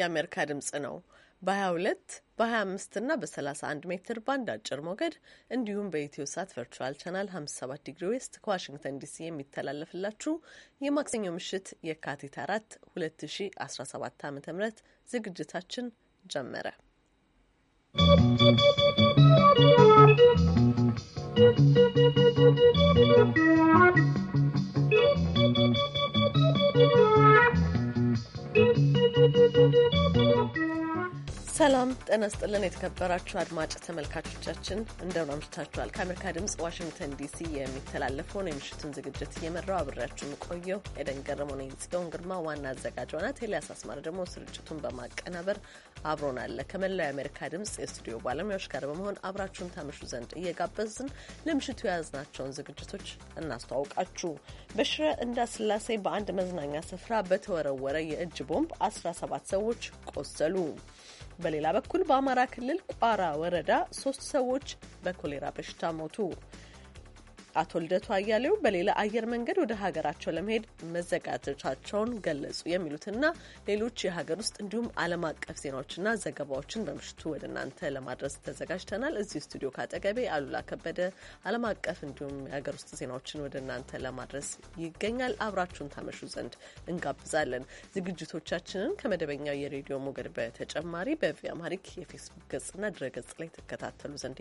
የአሜሪካ ድምጽ ነው። በ22 በ25 እና በ31 ሜትር ባንድ አጭር ሞገድ እንዲሁም በኢትዮ ሳት ቨርቹዋል ቻናል 57 ዲግሪ ዌስት ከዋሽንግተን ዲሲ የሚተላለፍላችሁ የማክሰኞ ምሽት የካቲት 4 2017 ዓ ም ዝግጅታችን ጀመረ። ¶¶ thank you ሰላም ጤና ይስጥልን። የተከበራችሁ አድማጭ ተመልካቾቻችን እንደምን አምሽታችኋል? ከአሜሪካ ድምጽ ዋሽንግተን ዲሲ የሚተላለፈውን የምሽቱን ዝግጅት እየመራው አብሬያችሁን ቆየው ኤደን ገረመ ነኝ። ጽዮን ግርማ ዋና አዘጋጇ ናት። ኤልያስ አስማረ ደግሞ ስርጭቱን በማቀናበር አብሮናለ። ከመላው የአሜሪካ ድምጽ የስቱዲዮ ባለሙያዎች ጋር በመሆን አብራችሁን ታመሹ ዘንድ እየጋበዝን ለምሽቱ የያዝናቸውን ዝግጅቶች እናስተዋውቃችሁ። በሽረ እንዳስላሴ በአንድ መዝናኛ ስፍራ በተወረወረ የእጅ ቦምብ 17 ሰዎች ቆሰሉ። በሌላ በኩል በአማራ ክልል ቋራ ወረዳ ሶስት ሰዎች በኮሌራ በሽታ ሞቱ። አቶ ልደቱ አያሌው በሌላ አየር መንገድ ወደ ሀገራቸው ለመሄድ መዘጋጀታቸውን ገለጹ። የሚሉትና ሌሎች የሀገር ውስጥ እንዲሁም ዓለም አቀፍ ዜናዎችና ዘገባዎችን በምሽቱ ወደ እናንተ ለማድረስ ተዘጋጅተናል። እዚህ ስቱዲዮ ካጠገቤ አሉላ ከበደ ዓለም አቀፍ እንዲሁም የሀገር ውስጥ ዜናዎችን ወደ እናንተ ለማድረስ ይገኛል። አብራችሁን ታመሹ ዘንድ እንጋብዛለን። ዝግጅቶቻችንን ከመደበኛው የሬዲዮ ሞገድ በተጨማሪ በቪ አማሪክ የፌስቡክ ገጽና ድረ ገጽ ላይ ተከታተሉ ዘንድ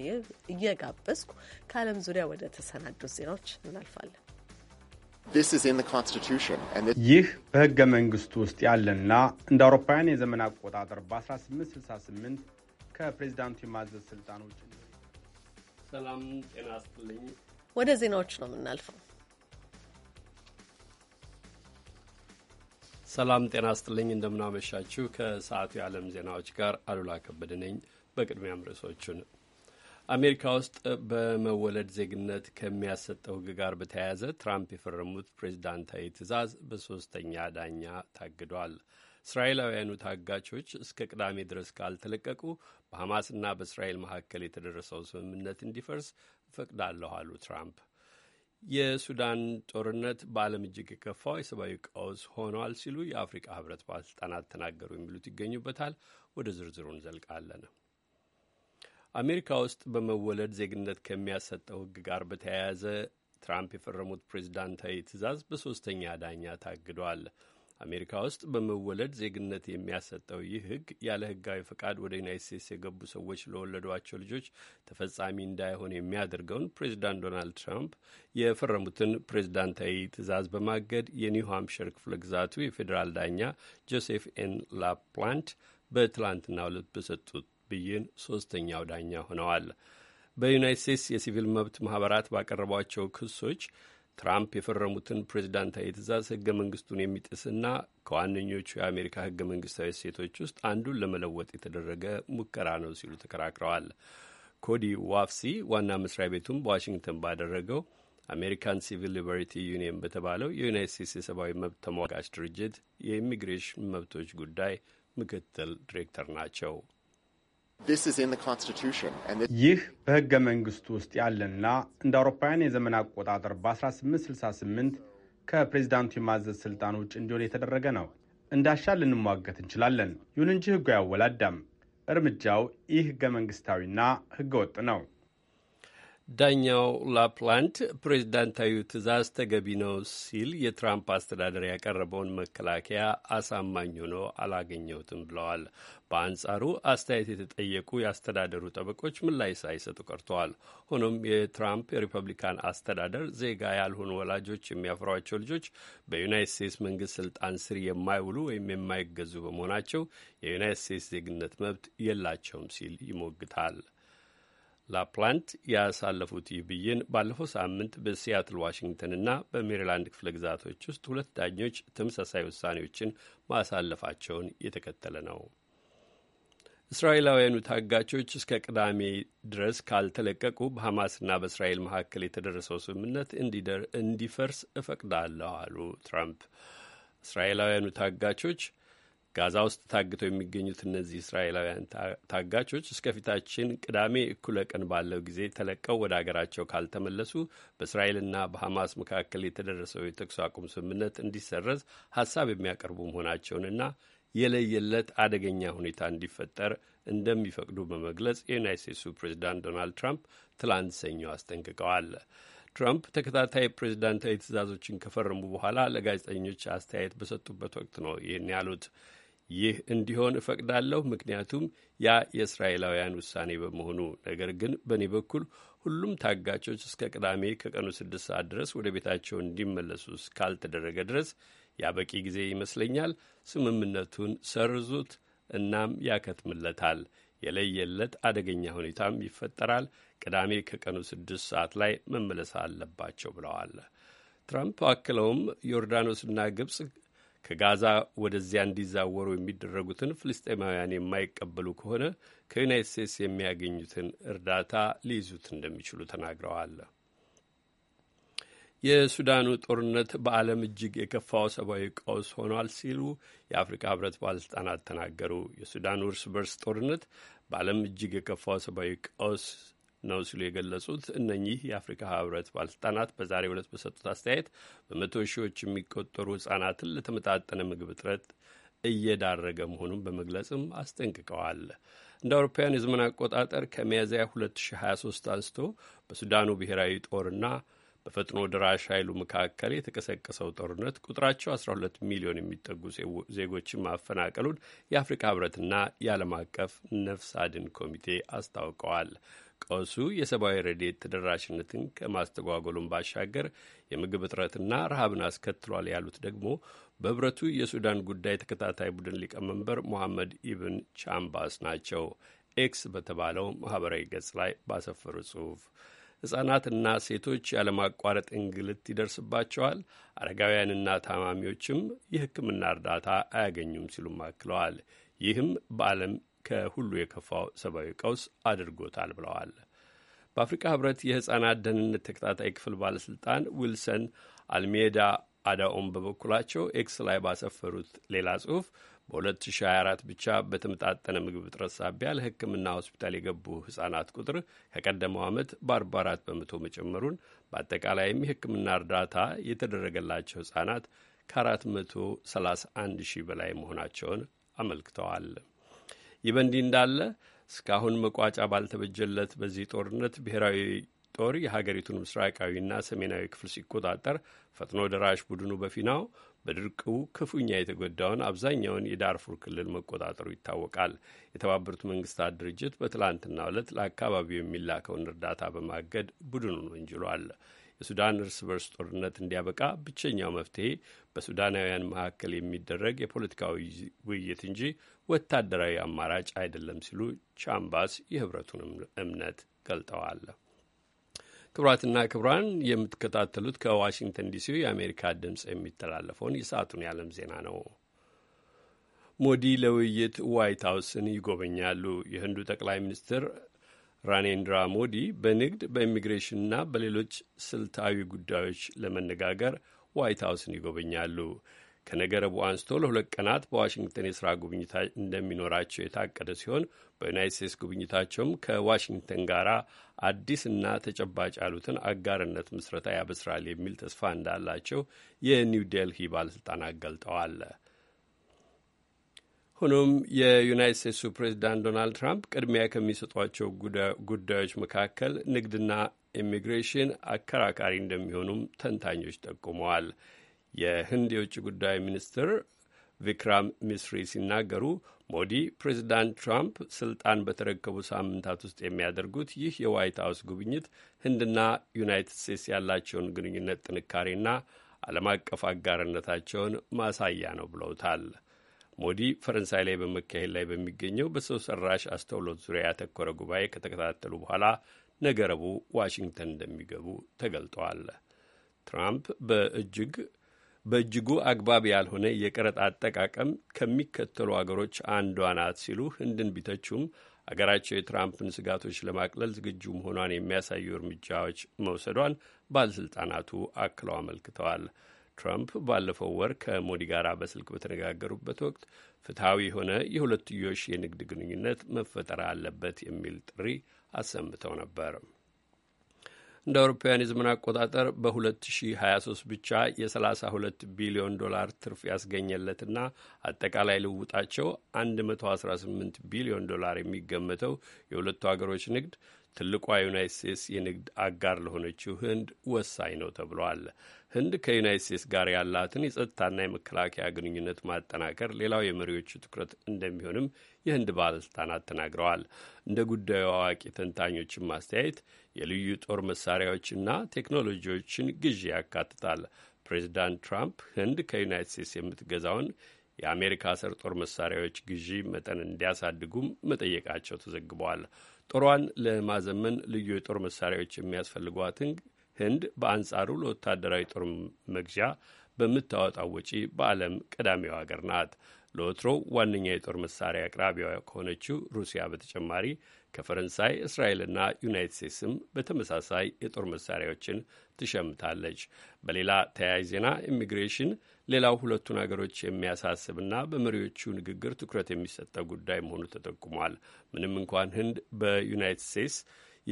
እየጋበዝኩ ከዓለም ዙሪያ ወደ ተሰናዳ ወዳሉት ዜናዎች እናልፋለን። ይህ በሕገ መንግሥቱ ውስጥ ያለና እንደ አውሮፓውያን የዘመን አቆጣጠር በ1868 ከፕሬዚዳንቱ የማዘዝ ስልጣን ውጭ። ሰላም ጤና ይስጥልኝ። ወደ ዜናዎች ነው የምናልፈው። ሰላም ጤና ይስጥልኝ። እንደምናመሻችሁ ከሰዓቱ የዓለም ዜናዎች ጋር አሉላ ከበደ ነኝ። በቅድሚያም ርዕሶቹን አሜሪካ ውስጥ በመወለድ ዜግነት ከሚያሰጠው ሕግ ጋር በተያያዘ ትራምፕ የፈረሙት ፕሬዚዳንታዊ ትዕዛዝ በሶስተኛ ዳኛ ታግዷል። እስራኤላውያኑ ታጋቾች እስከ ቅዳሜ ድረስ ካልተለቀቁ በሐማስና በእስራኤል መካከል የተደረሰው ስምምነት እንዲፈርስ እፈቅዳለሁ አሉ ትራምፕ። የሱዳን ጦርነት በዓለም እጅግ የከፋው የሰብአዊ ቀውስ ሆኗል ሲሉ የአፍሪቃ ህብረት ባለስልጣናት ተናገሩ። የሚሉት ይገኙበታል። ወደ ዝርዝሩ እንዘልቃለን። አሜሪካ ውስጥ በመወለድ ዜግነት ከሚያሰጠው ሕግ ጋር በተያያዘ ትራምፕ የፈረሙት ፕሬዚዳንታዊ ትእዛዝ በሶስተኛ ዳኛ ታግዷል። አሜሪካ ውስጥ በመወለድ ዜግነት የሚያሰጠው ይህ ህግ ያለ ህጋዊ ፈቃድ ወደ ዩናይት ስቴትስ የገቡ ሰዎች ለወለዷቸው ልጆች ተፈጻሚ እንዳይሆን የሚያደርገውን ፕሬዚዳንት ዶናልድ ትራምፕ የፈረሙትን ፕሬዚዳንታዊ ትዕዛዝ በማገድ የኒው ሃምፕሸር ክፍለ ግዛቱ የፌዴራል ዳኛ ጆሴፍ ኤን ላፕላንት በትላንትና ዕለት በሰጡት ብይን ሶስተኛው ዳኛ ሆነዋል። በዩናይት ስቴትስ የሲቪል መብት ማህበራት ባቀረቧቸው ክሶች ትራምፕ የፈረሙትን ፕሬዚዳንታዊ ትእዛዝ ህገ መንግስቱን የሚጥስና ከዋነኞቹ የአሜሪካ ህገ መንግስታዊ እሴቶች ውስጥ አንዱን ለመለወጥ የተደረገ ሙከራ ነው ሲሉ ተከራክረዋል። ኮዲ ዋፍሲ ዋና መስሪያ ቤቱም በዋሽንግተን ባደረገው አሜሪካን ሲቪል ሊበርቲ ዩኒየን በተባለው የዩናይት ስቴትስ የሰብአዊ መብት ተሟጋች ድርጅት የኢሚግሬሽን መብቶች ጉዳይ ምክትል ዲሬክተር ናቸው። ይህ በህገ መንግስቱ ውስጥ ያለና እንደ አውሮፓውያን የዘመን አቆጣጠር በ1868 ከፕሬዚዳንቱ የማዘዝ ስልጣን ውጭ እንዲሆን የተደረገ ነው። እንዳሻ ልንሟገት እንችላለን። ይሁን እንጂ ህጉ አያወላዳም። እርምጃው ይህ ህገ መንግስታዊና ህገ ወጥ ነው። ዳኛው ላፕላንት ፕሬዚዳንታዊ ትእዛዝ ተገቢ ነው ሲል የትራምፕ አስተዳደር ያቀረበውን መከላከያ አሳማኝ ሆኖ አላገኘሁትም ብለዋል። በአንጻሩ አስተያየት የተጠየቁ የአስተዳደሩ ጠበቆች ምላሽ ሳይሰጡ ቀርተዋል። ሆኖም የትራምፕ የሪፐብሊካን አስተዳደር ዜጋ ያልሆኑ ወላጆች የሚያፈሯቸው ልጆች በዩናይት ስቴትስ መንግስት ስልጣን ስር የማይውሉ ወይም የማይገዙ በመሆናቸው የዩናይት ስቴትስ ዜግነት መብት የላቸውም ሲል ይሞግታል። ላፕላንት ያሳለፉት ይህ ብይን ባለፈው ሳምንት በሲያትል ዋሽንግተንና በሜሪላንድ ክፍለ ግዛቶች ውስጥ ሁለት ዳኞች ተመሳሳይ ውሳኔዎችን ማሳለፋቸውን የተከተለ ነው። እስራኤላውያኑ ታጋቾች እስከ ቅዳሜ ድረስ ካልተለቀቁ በሐማስና በእስራኤል መካከል የተደረሰው ስምምነት እንዲፈርስ እፈቅዳለሁ አሉ ትራምፕ። እስራኤላውያኑ ታጋቾች ጋዛ ውስጥ ታግተው የሚገኙት እነዚህ እስራኤላውያን ታጋቾች እስከፊታችን ቅዳሜ እኩለ ቀን ባለው ጊዜ ተለቀው ወደ አገራቸው ካልተመለሱ በእስራኤልና በሐማስ መካከል የተደረሰው የተኩስ አቁም ስምምነት እንዲሰረዝ ሀሳብ የሚያቀርቡ መሆናቸውንና የለየለት አደገኛ ሁኔታ እንዲፈጠር እንደሚፈቅዱ በመግለጽ የዩናይት ስቴትሱ ፕሬዚዳንት ዶናልድ ትራምፕ ትላንት ሰኞ አስጠንቅቀዋል። ትራምፕ ተከታታይ ፕሬዚዳንታዊ ትእዛዞችን ከፈረሙ በኋላ ለጋዜጠኞች አስተያየት በሰጡበት ወቅት ነው ይህን ያሉት። ይህ እንዲሆን እፈቅዳለሁ፣ ምክንያቱም ያ የእስራኤላውያን ውሳኔ በመሆኑ። ነገር ግን በእኔ በኩል ሁሉም ታጋቾች እስከ ቅዳሜ ከቀኑ ስድስት ሰዓት ድረስ ወደ ቤታቸው እንዲመለሱ እስካልተደረገ ድረስ ያ በቂ ጊዜ ይመስለኛል። ስምምነቱን ሰርዙት፣ እናም ያከትምለታል። የለየለት አደገኛ ሁኔታም ይፈጠራል። ቅዳሜ ከቀኑ ስድስት ሰዓት ላይ መመለስ አለባቸው ብለዋል። ትራምፕ አክለውም ዮርዳኖስና ግብጽ ከጋዛ ወደዚያ እንዲዛወሩ የሚደረጉትን ፍልስጤማውያን የማይቀበሉ ከሆነ ከዩናይት ስቴትስ የሚያገኙትን እርዳታ ሊይዙት እንደሚችሉ ተናግረዋል። የሱዳኑ ጦርነት በዓለም እጅግ የከፋው ሰብአዊ ቀውስ ሆኗል ሲሉ የአፍሪካ ህብረት ባለስልጣናት ተናገሩ። የሱዳኑ እርስ በርስ ጦርነት በዓለም እጅግ የከፋው ሰብአዊ ቀውስ ነው ሲሉ የገለጹት እነኚህ የአፍሪካ ህብረት ባለስልጣናት በዛሬው ዕለት በሰጡት አስተያየት በመቶ ሺዎች የሚቆጠሩ ህጻናትን ለተመጣጠነ ምግብ እጥረት እየዳረገ መሆኑን በመግለጽም አስጠንቅቀዋል። እንደ አውሮፓውያን የዘመን አቆጣጠር ከሚያዝያ 2023 አንስቶ በሱዳኑ ብሔራዊ ጦርና በፈጥኖ ደራሽ ኃይሉ መካከል የተቀሰቀሰው ጦርነት ቁጥራቸው 12 ሚሊዮን የሚጠጉ ዜጎችን ማፈናቀሉን የአፍሪካ ህብረትና የዓለም አቀፍ ነፍስ አድን ኮሚቴ አስታውቀዋል። ቀውሱ የሰብአዊ ረድኤት ተደራሽነትን ከማስተጓጎሉን ባሻገር የምግብ እጥረትና ረሃብን አስከትሏል ያሉት ደግሞ በህብረቱ የሱዳን ጉዳይ ተከታታይ ቡድን ሊቀመንበር ሞሐመድ ኢብን ቻምባስ ናቸው። ኤክስ በተባለው ማህበራዊ ገጽ ላይ ባሰፈሩ ጽሑፍ ሕፃናትና ሴቶች ያለማቋረጥ እንግልት ይደርስባቸዋል፣ አረጋውያንና ታማሚዎችም የሕክምና እርዳታ አያገኙም ሲሉም አክለዋል። ይህም በዓለም ከሁሉ የከፋው ሰብአዊ ቀውስ አድርጎታል ብለዋል። በአፍሪካ ህብረት የህጻናት ደህንነት ተከታታይ ክፍል ባለስልጣን ዊልሰን አልሜዳ አዳኦም በበኩላቸው ኤክስ ላይ ባሰፈሩት ሌላ ጽሁፍ በ2024 ብቻ በተመጣጠነ ምግብ እጥረት ሳቢያ ለሕክምና ሆስፒታል የገቡ ህጻናት ቁጥር ከቀደመው ዓመት በ44 በመቶ መጨመሩን በአጠቃላይም የሕክምና እርዳታ የተደረገላቸው ህጻናት ከ431 ሺህ በላይ መሆናቸውን አመልክተዋል። ይህ በእንዲህ እንዳለ እስካሁን መቋጫ ባልተበጀለት በዚህ ጦርነት ብሔራዊ ጦር የሀገሪቱን ምስራቃዊና ሰሜናዊ ክፍል ሲቆጣጠር ፈጥኖ ደራሽ ቡድኑ በፊናው በድርቅው ክፉኛ የተጎዳውን አብዛኛውን የዳርፉር ክልል መቆጣጠሩ ይታወቃል። የተባበሩት መንግስታት ድርጅት በትላንትናው ዕለት ለአካባቢው የሚላከውን እርዳታ በማገድ ቡድኑን ወንጅሏል። የሱዳን እርስ በርስ ጦርነት እንዲያበቃ ብቸኛው መፍትሄ በሱዳናውያን መካከል የሚደረግ የፖለቲካዊ ውይይት እንጂ ወታደራዊ አማራጭ አይደለም ሲሉ ቻምባስ የህብረቱን እምነት ገልጠዋል። ክቡራትና ክቡራን የምትከታተሉት ከዋሽንግተን ዲሲ የአሜሪካ ድምፅ የሚተላለፈውን የሰዓቱን የዓለም ዜና ነው። ሞዲ ለውይይት ዋይት ሀውስን ይጎበኛሉ። የህንዱ ጠቅላይ ሚኒስትር ራኔንድራ ሞዲ በንግድ በኢሚግሬሽንና በሌሎች ስልታዊ ጉዳዮች ለመነጋገር ዋይት ሀውስን ይጎበኛሉ። ከነገ ረቡዕ አንስቶ ለሁለት ቀናት በዋሽንግተን የስራ ጉብኝታ እንደሚኖራቸው የታቀደ ሲሆን በዩናይት ስቴትስ ጉብኝታቸውም ከዋሽንግተን ጋር አዲስና ተጨባጭ ያሉትን አጋርነት ምስረታ ያበስራል የሚል ተስፋ እንዳላቸው የኒው ዴልሂ ባለሥልጣናት ገልጠዋል። ሆኖም የዩናይት ስቴትሱ ፕሬዚዳንት ዶናልድ ትራምፕ ቅድሚያ ከሚሰጧቸው ጉዳዮች መካከል ንግድና ኢሚግሬሽን አከራካሪ እንደሚሆኑም ተንታኞች ጠቁመዋል። የህንድ የውጭ ጉዳይ ሚኒስትር ቪክራም ሚስሪ ሲናገሩ ሞዲ ፕሬዚዳንት ትራምፕ ስልጣን በተረከቡ ሳምንታት ውስጥ የሚያደርጉት ይህ የዋይት ሀውስ ጉብኝት ህንድና ዩናይትድ ስቴትስ ያላቸውን ግንኙነት ጥንካሬና ዓለም አቀፍ አጋርነታቸውን ማሳያ ነው ብለውታል። ሞዲ ፈረንሳይ ላይ በመካሄድ ላይ በሚገኘው በሰው ሰራሽ አስተውሎት ዙሪያ ያተኮረ ጉባኤ ከተከታተሉ በኋላ ነገ ረቡዕ ዋሽንግተን እንደሚገቡ ተገልጠዋል። ትራምፕ በእጅግ በእጅጉ አግባብ ያልሆነ የቀረጥ አጠቃቀም ከሚከተሉ አገሮች አንዷ ናት ሲሉ ህንድን ቢተቹም አገራቸው የትራምፕን ስጋቶች ለማቅለል ዝግጁ መሆኗን የሚያሳዩ እርምጃዎች መውሰዷን ባለሥልጣናቱ አክለው አመልክተዋል። ትራምፕ ባለፈው ወር ከሞዲ ጋር በስልክ በተነጋገሩበት ወቅት ፍትሐዊ የሆነ የሁለትዮሽ የንግድ ግንኙነት መፈጠር አለበት የሚል ጥሪ አሰምተው ነበር። እንደ አውሮፓውያን የዘመን አቆጣጠር በ2023 ብቻ የ32 ቢሊዮን ዶላር ትርፍ ያስገኘለትና አጠቃላይ ልውጣቸው 118 ቢሊዮን ዶላር የሚገመተው የሁለቱ ሀገሮች ንግድ ትልቋ ዩናይት ስቴትስ የንግድ አጋር ለሆነችው ህንድ ወሳኝ ነው ተብሏል። ህንድ ከዩናይት ስቴትስ ጋር ያላትን የጸጥታና የመከላከያ ግንኙነት ማጠናከር ሌላው የመሪዎቹ ትኩረት እንደሚሆንም የህንድ ባለስልጣናት ተናግረዋል። እንደ ጉዳዩ አዋቂ ተንታኞችን ማስተያየት የልዩ ጦር መሳሪያዎችና ቴክኖሎጂዎችን ግዢ ያካትታል። ፕሬዚዳንት ትራምፕ ህንድ ከዩናይት ስቴትስ የምትገዛውን የአሜሪካ ሰር ጦር መሳሪያዎች ግዢ መጠን እንዲያሳድጉም መጠየቃቸው ተዘግበዋል። ጦሯን ለማዘመን ልዩ የጦር መሳሪያዎች የሚያስፈልጓትን ህንድ በአንጻሩ ለወታደራዊ ጦር መግዣ በምታወጣው ወጪ በዓለም ቀዳሚው ሀገር ናት። ለወትሮ ዋነኛ የጦር መሳሪያ አቅራቢዋ ከሆነችው ሩሲያ በተጨማሪ ከፈረንሳይ እስራኤልና ዩናይት ስቴትስም በተመሳሳይ የጦር መሳሪያዎችን ትሸምታለች። በሌላ ተያያዥ ዜና ኢሚግሬሽን ሌላው ሁለቱን አገሮች የሚያሳስብና በመሪዎቹ ንግግር ትኩረት የሚሰጠው ጉዳይ መሆኑ ተጠቁሟል። ምንም እንኳን ህንድ በዩናይትድ ስቴትስ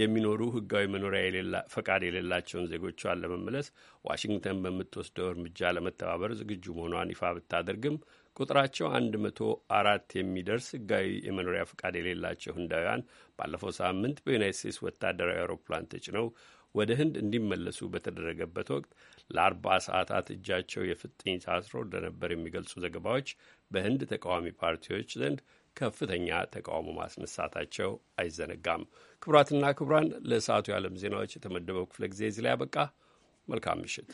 የሚኖሩ ህጋዊ መኖሪያ ፈቃድ የሌላቸውን ዜጎቿን ለመመለስ ዋሽንግተን በምትወስደው እርምጃ ለመተባበር ዝግጁ መሆኗን ይፋ ብታደርግም ቁጥራቸው አንድ መቶ አራት የሚደርስ ህጋዊ የመኖሪያ ፈቃድ የሌላቸው ህንዳውያን ባለፈው ሳምንት በዩናይት ስቴትስ ወታደራዊ አውሮፕላን ተጭነው ወደ ህንድ እንዲመለሱ በተደረገበት ወቅት ለአርባ ሰዓታት እጃቸው የፍጥኝ ታስሮ እንደነበር የሚገልጹ ዘገባዎች በህንድ ተቃዋሚ ፓርቲዎች ዘንድ ከፍተኛ ተቃውሞ ማስነሳታቸው አይዘነጋም። ክቡራትና ክቡራን ለሰዓቱ የዓለም ዜናዎች የተመደበው ክፍለ ጊዜ እዚህ ላይ ያበቃ። መልካም ምሽት።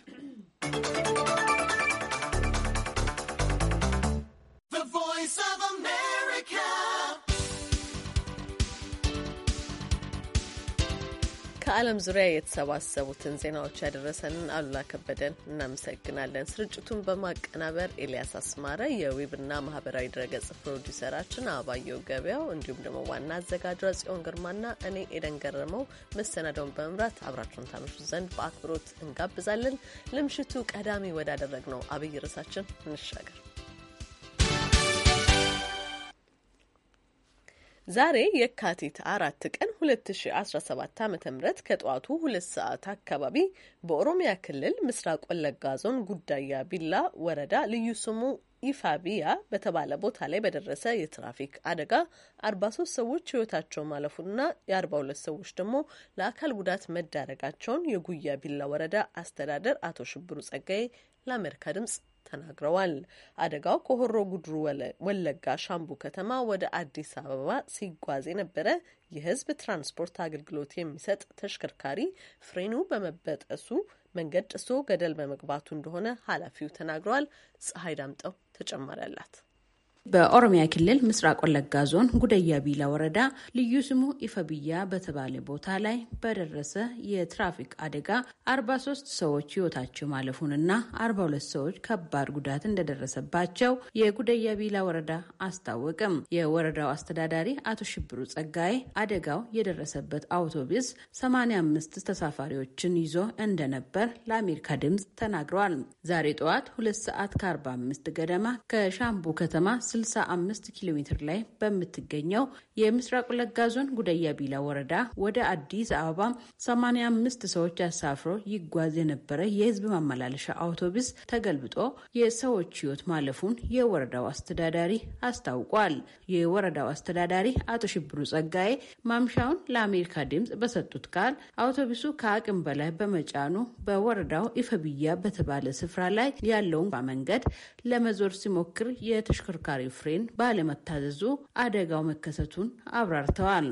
ከዓለም ዙሪያ የተሰባሰቡትን ዜናዎች ያደረሰንን አሉላ ከበደን እናመሰግናለን። ስርጭቱን በማቀናበር ኤልያስ አስማረ፣ የዌብና ማህበራዊ ድረገጽ ፕሮዲሰራችን አባየው ገበያው፣ እንዲሁም ደግሞ ዋና አዘጋጇ ጽዮን ግርማና እኔ ኤደን ገረመው መሰናዳውን በመምራት አብራችሁን ታመሹ ዘንድ በአክብሮት እንጋብዛለን። ለምሽቱ ቀዳሚ ነው አብይ ርዕሳችን እንሻገር። ዛሬ የካቲት አራት ቀን 2017 ዓ ም ከጠዋቱ ሁለት ሰዓት አካባቢ በኦሮሚያ ክልል ምስራቅ ወለጋ ዞን ጉዳያ ቢላ ወረዳ ልዩ ስሙ ኢፋቢያ በተባለ ቦታ ላይ በደረሰ የትራፊክ አደጋ 43 ሰዎች ህይወታቸው ማለፉና የ42 ሰዎች ደግሞ ለአካል ጉዳት መዳረጋቸውን የጉያ ቢላ ወረዳ አስተዳደር አቶ ሽብሩ ጸጋዬ ለአሜሪካ ድምጽ ተናግረዋል። አደጋው ከሆሮ ጉድሩ ወለጋ ሻምቡ ከተማ ወደ አዲስ አበባ ሲጓዝ የነበረ የህዝብ ትራንስፖርት አገልግሎት የሚሰጥ ተሽከርካሪ ፍሬኑ በመበጠሱ መንገድ ጥሶ ገደል በመግባቱ እንደሆነ ኃላፊው ተናግረዋል። ፀሐይ ዳምጠው ተጨማሪ አላት። በኦሮሚያ ክልል ምስራቅ ወለጋ ዞን ጉደያ ቢላ ወረዳ ልዩ ስሙ ኢፈብያ በተባለ ቦታ ላይ በደረሰ የትራፊክ አደጋ 43 ሰዎች ሕይወታቸው ማለፉንና 42 ሰዎች ከባድ ጉዳት እንደደረሰባቸው የጉደያ ቢላ ወረዳ አስታወቅም። የወረዳው አስተዳዳሪ አቶ ሽብሩ ጸጋዬ አደጋው የደረሰበት አውቶቡስ 85 ተሳፋሪዎችን ይዞ እንደነበር ለአሜሪካ ድምፅ ተናግረዋል። ዛሬ ጠዋት 2 ሰዓት ከ45 ገደማ ከሻምቡ ከተማ 65 ኪሎ ሜትር ላይ በምትገኘው የምስራቅ ወለጋ ዞን ጉደያ ቢላ ወረዳ ወደ አዲስ አበባ 85 ሰዎች አሳፍሮ ይጓዝ የነበረ የህዝብ ማመላለሻ አውቶቡስ ተገልብጦ የሰዎች ህይወት ማለፉን የወረዳው አስተዳዳሪ አስታውቋል። የወረዳው አስተዳዳሪ አቶ ሽብሩ ጸጋዬ ማምሻውን ለአሜሪካ ድምፅ በሰጡት ቃል አውቶቡሱ ከአቅም በላይ በመጫኑ በወረዳው ኢፈብያ በተባለ ስፍራ ላይ ያለውን መንገድ ለመዞር ሲሞክር የተሽከርካሪ ተሽከርካሪው ፍሬን ባለመታዘዙ አደጋው መከሰቱን አብራርተዋል።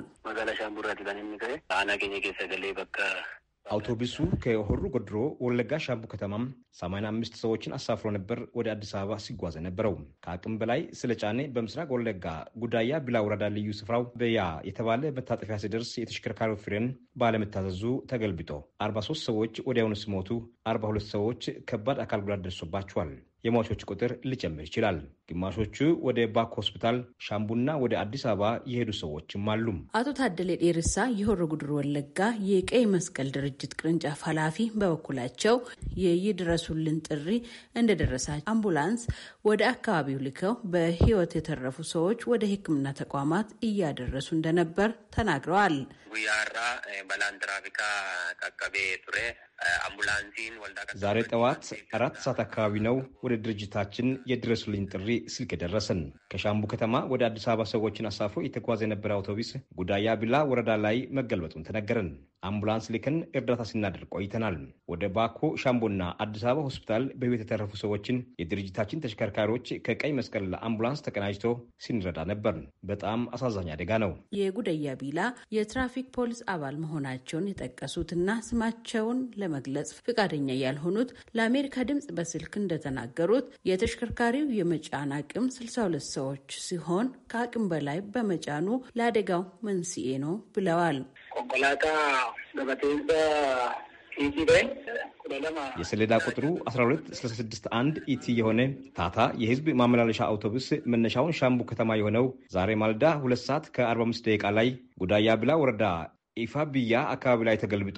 አውቶቡሱ ከሆሩ ጎድሮ ወለጋ ሻምቡ ከተማም 85 ሰዎችን አሳፍሮ ነበር ወደ አዲስ አበባ ሲጓዝ ነበረው። ከአቅም በላይ ስለ ጫኔ በምስራቅ ወለጋ ጉዳያ ቢላ ወረዳ ልዩ ስፍራው በያ የተባለ መታጠፊያ ሲደርስ የተሽከርካሪ ፍሬን ባለመታዘዙ ተገልብጦ 43 ሰዎች ወዲያውኑ ሲሞቱ 42 ሰዎች ከባድ አካል ጉዳት ደርሶባቸዋል። የሟቾች ቁጥር ሊጨምር ይችላል። ግማሾቹ ወደ ባክ ሆስፒታል፣ ሻምቡና ወደ አዲስ አበባ የሄዱ ሰዎችም አሉ። አቶ ታደሌ ዴርሳ የሆሮ ጉድር ወለጋ የቀይ መስቀል ድርጅት ቅርንጫፍ ኃላፊ በበኩላቸው የይድረሱልን ጥሪ እንደደረሳ አምቡላንስ ወደ አካባቢው ልከው በህይወት የተረፉ ሰዎች ወደ ሕክምና ተቋማት እያደረሱ እንደነበር ተናግረዋል። ዛሬ ጠዋት አራት ሰዓት አካባቢ ነው ወደ ድርጅታችን የድረሱልኝ ጥሪ ስልክ ደረሰን። ከሻምቡ ከተማ ወደ አዲስ አበባ ሰዎችን አሳፍሮ የተጓዘ የነበረ አውቶቡስ ጉዳያ ቢላ ወረዳ ላይ መገልበጡን ተነገረን። አምቡላንስ ልክን እርዳታ ስናደርግ ቆይተናል። ወደ ባኮ ሻምቡና አዲስ አበባ ሆስፒታል በህይወት የተረፉ ሰዎችን የድርጅታችን ተሽከርካሪዎች ከቀይ መስቀል ለአምቡላንስ ተቀናጅቶ ሲንረዳ ነበር። በጣም አሳዛኝ አደጋ ነው። የጉደያ ቢላ የትራፊክ ፖሊስ አባል መሆናቸውን የጠቀሱትና ስማቸውን ለመግለጽ ፈቃደኛ ያልሆኑት ለአሜሪካ ድምፅ በስልክ እንደተናገሩት የተሽከርካሪው የመጫን የመጫን አቅም 62 ሰዎች ሲሆን ከአቅም በላይ በመጫኑ ለአደጋው መንስኤ ነው ብለዋል። የሰሌዳ ቁጥሩ 12661 ኢቲ የሆነ ታታ የህዝብ ማመላለሻ አውቶቡስ መነሻውን ሻምቡ ከተማ የሆነው ዛሬ ማልዳ ሁለት ሰዓት ከ45 ደቂቃ ላይ ጉዳያ ብላ ወረዳ ኢፋ ብያ አካባቢ ላይ ተገልብጦ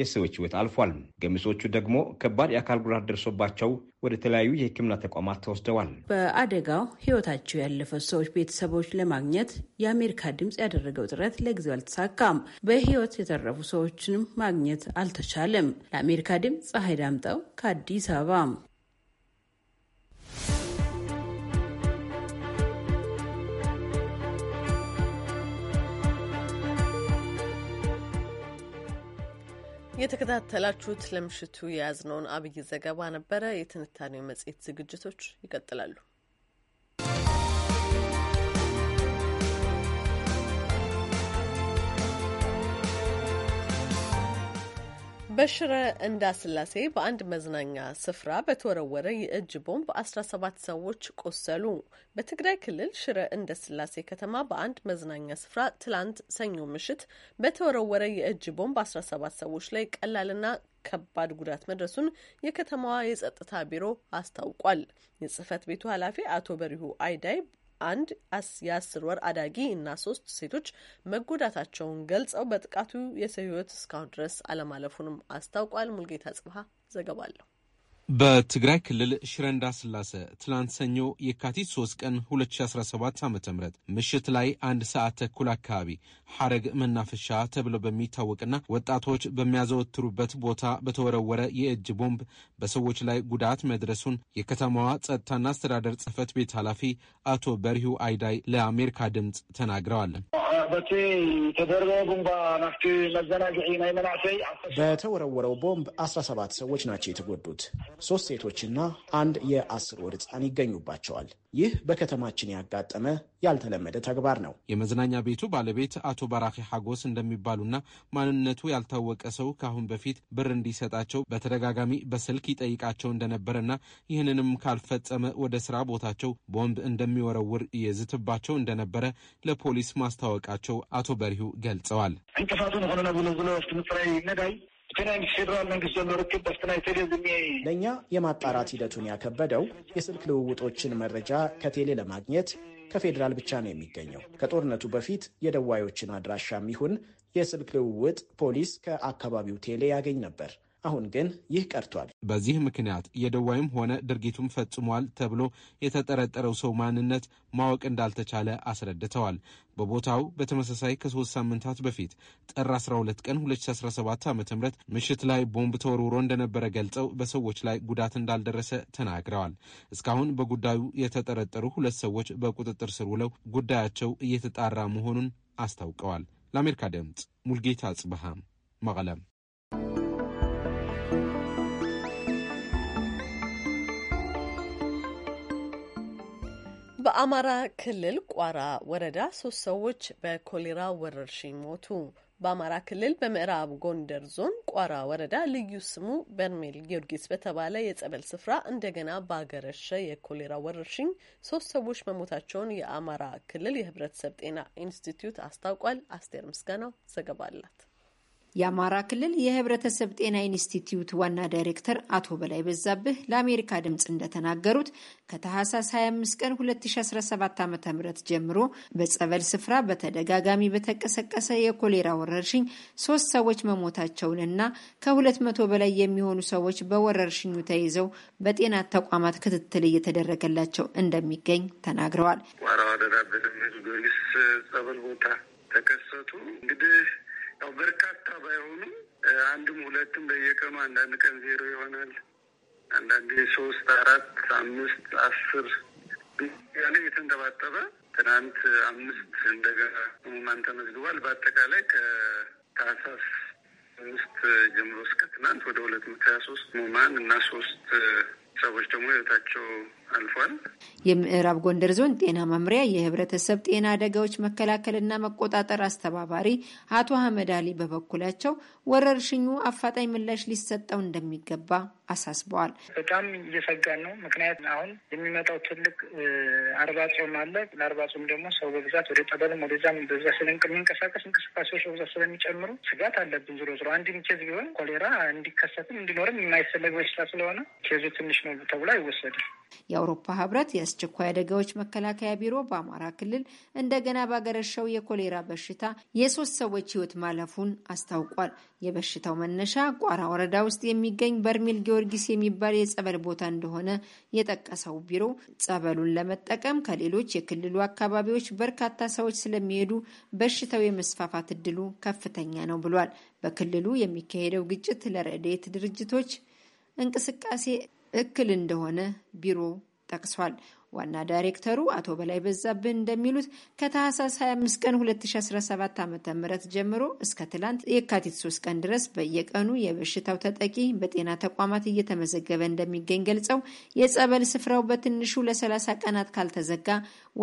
የሰዎች ህይወት አልፏል። ገሚሶቹ ደግሞ ከባድ የአካል ጉዳት ደርሶባቸው ወደ ተለያዩ የህክምና ተቋማት ተወስደዋል። በአደጋው ህይወታቸው ያለፈ ሰዎች ቤተሰቦች ለማግኘት የአሜሪካ ድምፅ ያደረገው ጥረት ለጊዜው አልተሳካም። በህይወት የተረፉ ሰዎችንም ማግኘት አልተቻለም። ለአሜሪካ ድምፅ ፀሐይ ዳምጠው ከአዲስ አበባ የተከታተላችሁት ለምሽቱ የያዝነውን አብይ ዘገባ ነበረ። የትንታኔው መጽሔት ዝግጅቶች ይቀጥላሉ። በሽረ እንዳስላሴ በአንድ መዝናኛ ስፍራ በተወረወረ የእጅ ቦምብ 17 ሰዎች ቆሰሉ። በትግራይ ክልል ሽረ እንዳስላሴ ከተማ በአንድ መዝናኛ ስፍራ ትላንት ሰኞ ምሽት በተወረወረ የእጅ ቦምብ 17 ሰዎች ላይ ቀላልና ከባድ ጉዳት መድረሱን የከተማዋ የጸጥታ ቢሮ አስታውቋል። የጽህፈት ቤቱ ኃላፊ አቶ በሪሁ አይዳይ አንድ የአስር ወር አዳጊ እና ሶስት ሴቶች መጎዳታቸውን ገልጸው በጥቃቱ የሰው ህይወት እስካሁን ድረስ አለማለፉንም አስታውቋል። ሙልጌታ ጽብሀ ዘገባለሁ። በትግራይ ክልል ሽረ እንዳስላሴ ትላንት ሰኞ የካቲት 3 ቀን 2017 ዓ ም ምሽት ላይ አንድ ሰዓት ተኩል አካባቢ ሐረግ መናፈሻ ተብሎ በሚታወቅና ወጣቶች በሚያዘወትሩበት ቦታ በተወረወረ የእጅ ቦምብ በሰዎች ላይ ጉዳት መድረሱን የከተማዋ ጸጥታና አስተዳደር ጽህፈት ቤት ኃላፊ አቶ በርሂው አይዳይ ለአሜሪካ ድምፅ ተናግረዋል። በተወረወረው ቦምብ 17 ሰዎች ናቸው የተጎዱት። ሶስት ሴቶችና አንድ የአስር ወር ህፃን ይገኙባቸዋል። ይህ በከተማችን ያጋጠመ ያልተለመደ ተግባር ነው። የመዝናኛ ቤቱ ባለቤት አቶ ባራኪ ሐጎስ እንደሚባሉና ማንነቱ ያልታወቀ ሰው ከአሁን በፊት ብር እንዲሰጣቸው በተደጋጋሚ በስልክ ይጠይቃቸው እንደነበረና ይህንንም ካልፈጸመ ወደ ስራ ቦታቸው ቦምብ እንደሚወረውር የዝትባቸው እንደነበረ ለፖሊስ ማስታወቃቸው አቶ በሪሁ ገልጸዋል። እንቅፋቱን ሆነ ብሎ ብሎ ትናንት ፌዴራል መንግስት ዘሎ ቴሌ ለእኛ የማጣራት ሂደቱን ያከበደው የስልክ ልውውጦችን መረጃ ከቴሌ ለማግኘት ከፌዴራል ብቻ ነው የሚገኘው። ከጦርነቱ በፊት የደዋዮችን አድራሻም ይሁን የስልክ ልውውጥ ፖሊስ ከአካባቢው ቴሌ ያገኝ ነበር። አሁን ግን ይህ ቀርቷል። በዚህ ምክንያት የደዋይም ሆነ ድርጊቱም ፈጽሟል ተብሎ የተጠረጠረው ሰው ማንነት ማወቅ እንዳልተቻለ አስረድተዋል። በቦታው በተመሳሳይ ከሶስት ሳምንታት በፊት ጥር 12 ቀን 2017 ዓ ም ምሽት ላይ ቦምብ ተወርውሮ እንደነበረ ገልጸው በሰዎች ላይ ጉዳት እንዳልደረሰ ተናግረዋል። እስካሁን በጉዳዩ የተጠረጠሩ ሁለት ሰዎች በቁጥጥር ስር ውለው ጉዳያቸው እየተጣራ መሆኑን አስታውቀዋል። ለአሜሪካ ድምፅ ሙልጌታ ጽብሃ መቀለም በአማራ ክልል ቋራ ወረዳ ሶስት ሰዎች በኮሌራ ወረርሽኝ ሞቱ። በአማራ ክልል በምዕራብ ጎንደር ዞን ቋራ ወረዳ ልዩ ስሙ በርሜል ጊዮርጊስ በተባለ የጸበል ስፍራ እንደገና ባገረሸ የኮሌራ ወረርሽኝ ሶስት ሰዎች መሞታቸውን የአማራ ክልል የሕብረተሰብ ጤና ኢንስቲትዩት አስታውቋል። አስቴር ምስጋናው ዘገባ አላት። የአማራ ክልል የህብረተሰብ ጤና ኢንስቲትዩት ዋና ዳይሬክተር አቶ በላይ በዛብህ ለአሜሪካ ድምፅ እንደተናገሩት ከታህሳስ 25 ቀን 2017 ዓ ም ጀምሮ በጸበል ስፍራ በተደጋጋሚ በተቀሰቀሰ የኮሌራ ወረርሽኝ ሶስት ሰዎች መሞታቸውንና ከ200 በላይ የሚሆኑ ሰዎች በወረርሽኙ ተይዘው በጤና ተቋማት ክትትል እየተደረገላቸው እንደሚገኝ ተናግረዋል። ጸበል ቦታ ተከሰቱ እንግዲህ ያው በርካታ ባይሆኑ አንድም ሁለትም በየቀኑ አንዳንድ ቀን ዜሮ ይሆናል። አንዳንዴ ሶስት፣ አራት፣ አምስት፣ አስር ያለ የተንጠባጠበ ትናንት አምስት እንደገና ህሙማን ተመዝግቧል። በአጠቃላይ ከታህሳስ አምስት ጀምሮ እስከ ትናንት ወደ ሁለት መቶ ሀያ ሶስት ህሙማን እና ሶስት ሰዎች ደግሞ ህይወታቸው አልፏል። የምዕራብ ጎንደር ዞን ጤና መምሪያ የህብረተሰብ ጤና አደጋዎች መከላከልና መቆጣጠር አስተባባሪ አቶ አህመድ አሊ በበኩላቸው ወረርሽኙ አፋጣኝ ምላሽ ሊሰጠው እንደሚገባ አሳስበዋል። በጣም እየሰጋን ነው። ምክንያት አሁን የሚመጣው ትልቅ አርባ ጾም አለ። ለአርባ ጾም ደግሞ ሰው በብዛት ወደ ጠበልም ወደዛም በዛ ስለሚንቀሳቀስ እንቅስቃሴዎች በብዛት ስለሚጨምሩ ስጋት አለብን። ዝሮ ዝሮ አንድም ኬዝ ቢሆን ኮሌራ እንዲከሰትም እንዲኖርም የማይፈለግ በሽታ ስለሆነ ኬዙ ትንሽ ነው ተብሎ አይወሰድም። የአውሮፓ ህብረት የአስቸኳይ አደጋዎች መከላከያ ቢሮ በአማራ ክልል እንደገና ባገረሸው የኮሌራ በሽታ የሶስት ሰዎች ህይወት ማለፉን አስታውቋል። የበሽታው መነሻ ቋራ ወረዳ ውስጥ የሚገኝ በርሜል ጊዮርጊስ የሚባል የጸበል ቦታ እንደሆነ የጠቀሰው ቢሮ ጸበሉን ለመጠቀም ከሌሎች የክልሉ አካባቢዎች በርካታ ሰዎች ስለሚሄዱ በሽታው የመስፋፋት እድሉ ከፍተኛ ነው ብሏል። በክልሉ የሚካሄደው ግጭት ለረድኤት ድርጅቶች እንቅስቃሴ እክል እንደሆነ ቢሮ ጠቅሷል። ዋና ዳይሬክተሩ አቶ በላይ በዛብህ እንደሚሉት ከታህሳስ 25 ቀን 2017 ዓ ም ጀምሮ እስከ ትላንት የካቲት 3 ቀን ድረስ በየቀኑ የበሽታው ተጠቂ በጤና ተቋማት እየተመዘገበ እንደሚገኝ ገልጸው የጸበል ስፍራው በትንሹ ለ30 ቀናት ካልተዘጋ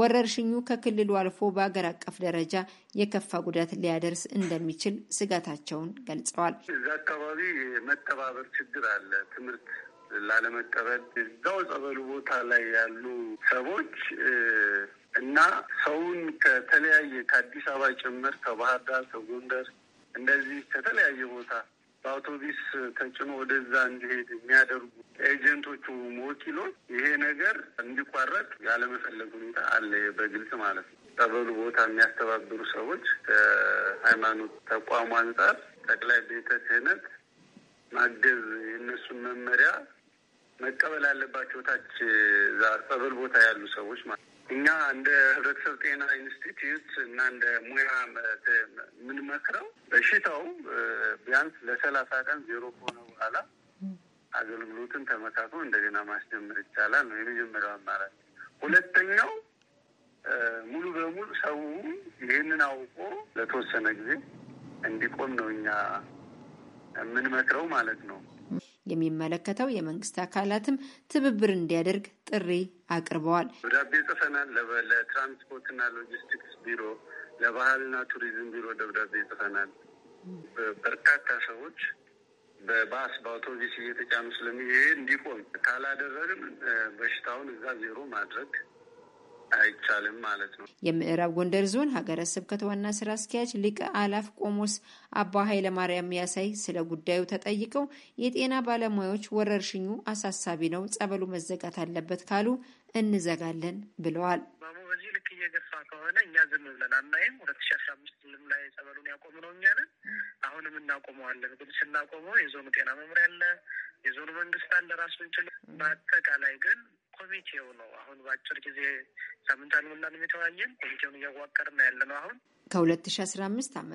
ወረርሽኙ ከክልሉ አልፎ በአገር አቀፍ ደረጃ የከፋ ጉዳት ሊያደርስ እንደሚችል ስጋታቸውን ገልጸዋል። እዛ አካባቢ የመተባበር ችግር አለ። ትምህርት ላለመቀበል እዛው ጸበሉ ቦታ ላይ ያሉ ሰዎች እና ሰውን ከተለያየ ከአዲስ አበባ ጭምር ከባህር ዳር ከጎንደር እንደዚህ ከተለያየ ቦታ በአውቶቢስ ተጭኖ ወደዛ እንዲሄድ የሚያደርጉ ኤጀንቶቹ ወኪሎች ይሄ ነገር እንዲቋረጥ ያለመፈለግ ሁኔታ አለ፣ በግልጽ ማለት ነው። ጸበሉ ቦታ የሚያስተባብሩ ሰዎች ከሃይማኖት ተቋሙ አንጻር ጠቅላይ ቤተ ክህነት ማገዝ የእነሱን መመሪያ መቀበል አለባቸው። ታች እዛ ጸበል ቦታ ያሉ ሰዎች ማለት እኛ እንደ ህብረተሰብ ጤና ኢንስቲትዩት እና እንደ ሙያ የምንመክረው በሽታው ቢያንስ ለሰላሳ ቀን ዜሮ ከሆነ በኋላ አገልግሎትን ተመካክሎ እንደገና ማስጀመር ይቻላል ነው የመጀመሪያው አማራጭ። ሁለተኛው ሙሉ በሙሉ ሰው ይህንን አውቆ ለተወሰነ ጊዜ እንዲቆም ነው እኛ የምንመክረው ማለት ነው። የሚመለከተው የመንግስት አካላትም ትብብር እንዲያደርግ ጥሪ አቅርበዋል። ደብዳቤ ጽፈናል። ለትራንስፖርትና ሎጂስቲክስ ቢሮ፣ ለባህልና ቱሪዝም ቢሮ ደብዳቤ ጽፈናል። በርካታ ሰዎች በባስ በአውቶቢስ እየተጫኑ ስለሚሄድ እንዲቆም ካላደረግም በሽታውን እዛ ዜሮ ማድረግ አይቻልም ማለት ነው። የምዕራብ ጎንደር ዞን ሀገረ ስብከት ዋና ስራ አስኪያጅ ሊቀ አላፍ ቆሞስ አባ ኃይለ ማርያም ያሳይ ስለ ጉዳዩ ተጠይቀው የጤና ባለሙያዎች ወረርሽኙ አሳሳቢ ነው፣ ጸበሉ መዘጋት አለበት ካሉ እንዘጋለን ብለዋል። በዚህ ልክ እየገፋ ከሆነ እኛ ዝም ብለን አናይም። ሁለት ሺ አስራ አምስት ልም ላይ ጸበሉን ያቆምነው እኛ ነን። አሁንም እናቆመዋለን። ግን ስናቆመው የዞኑ ጤና መምሪያ አለ፣ የዞኑ መንግስት አለ ራሱ እንችል በአጠቃላይ ግን ኮሚቴው ነው። አሁን በአጭር ጊዜ ሳምንት አልሞላንም የተወያየን። ኮሚቴውን እያዋቀርን ያለ ነው አሁን ከ2015 ዓ ም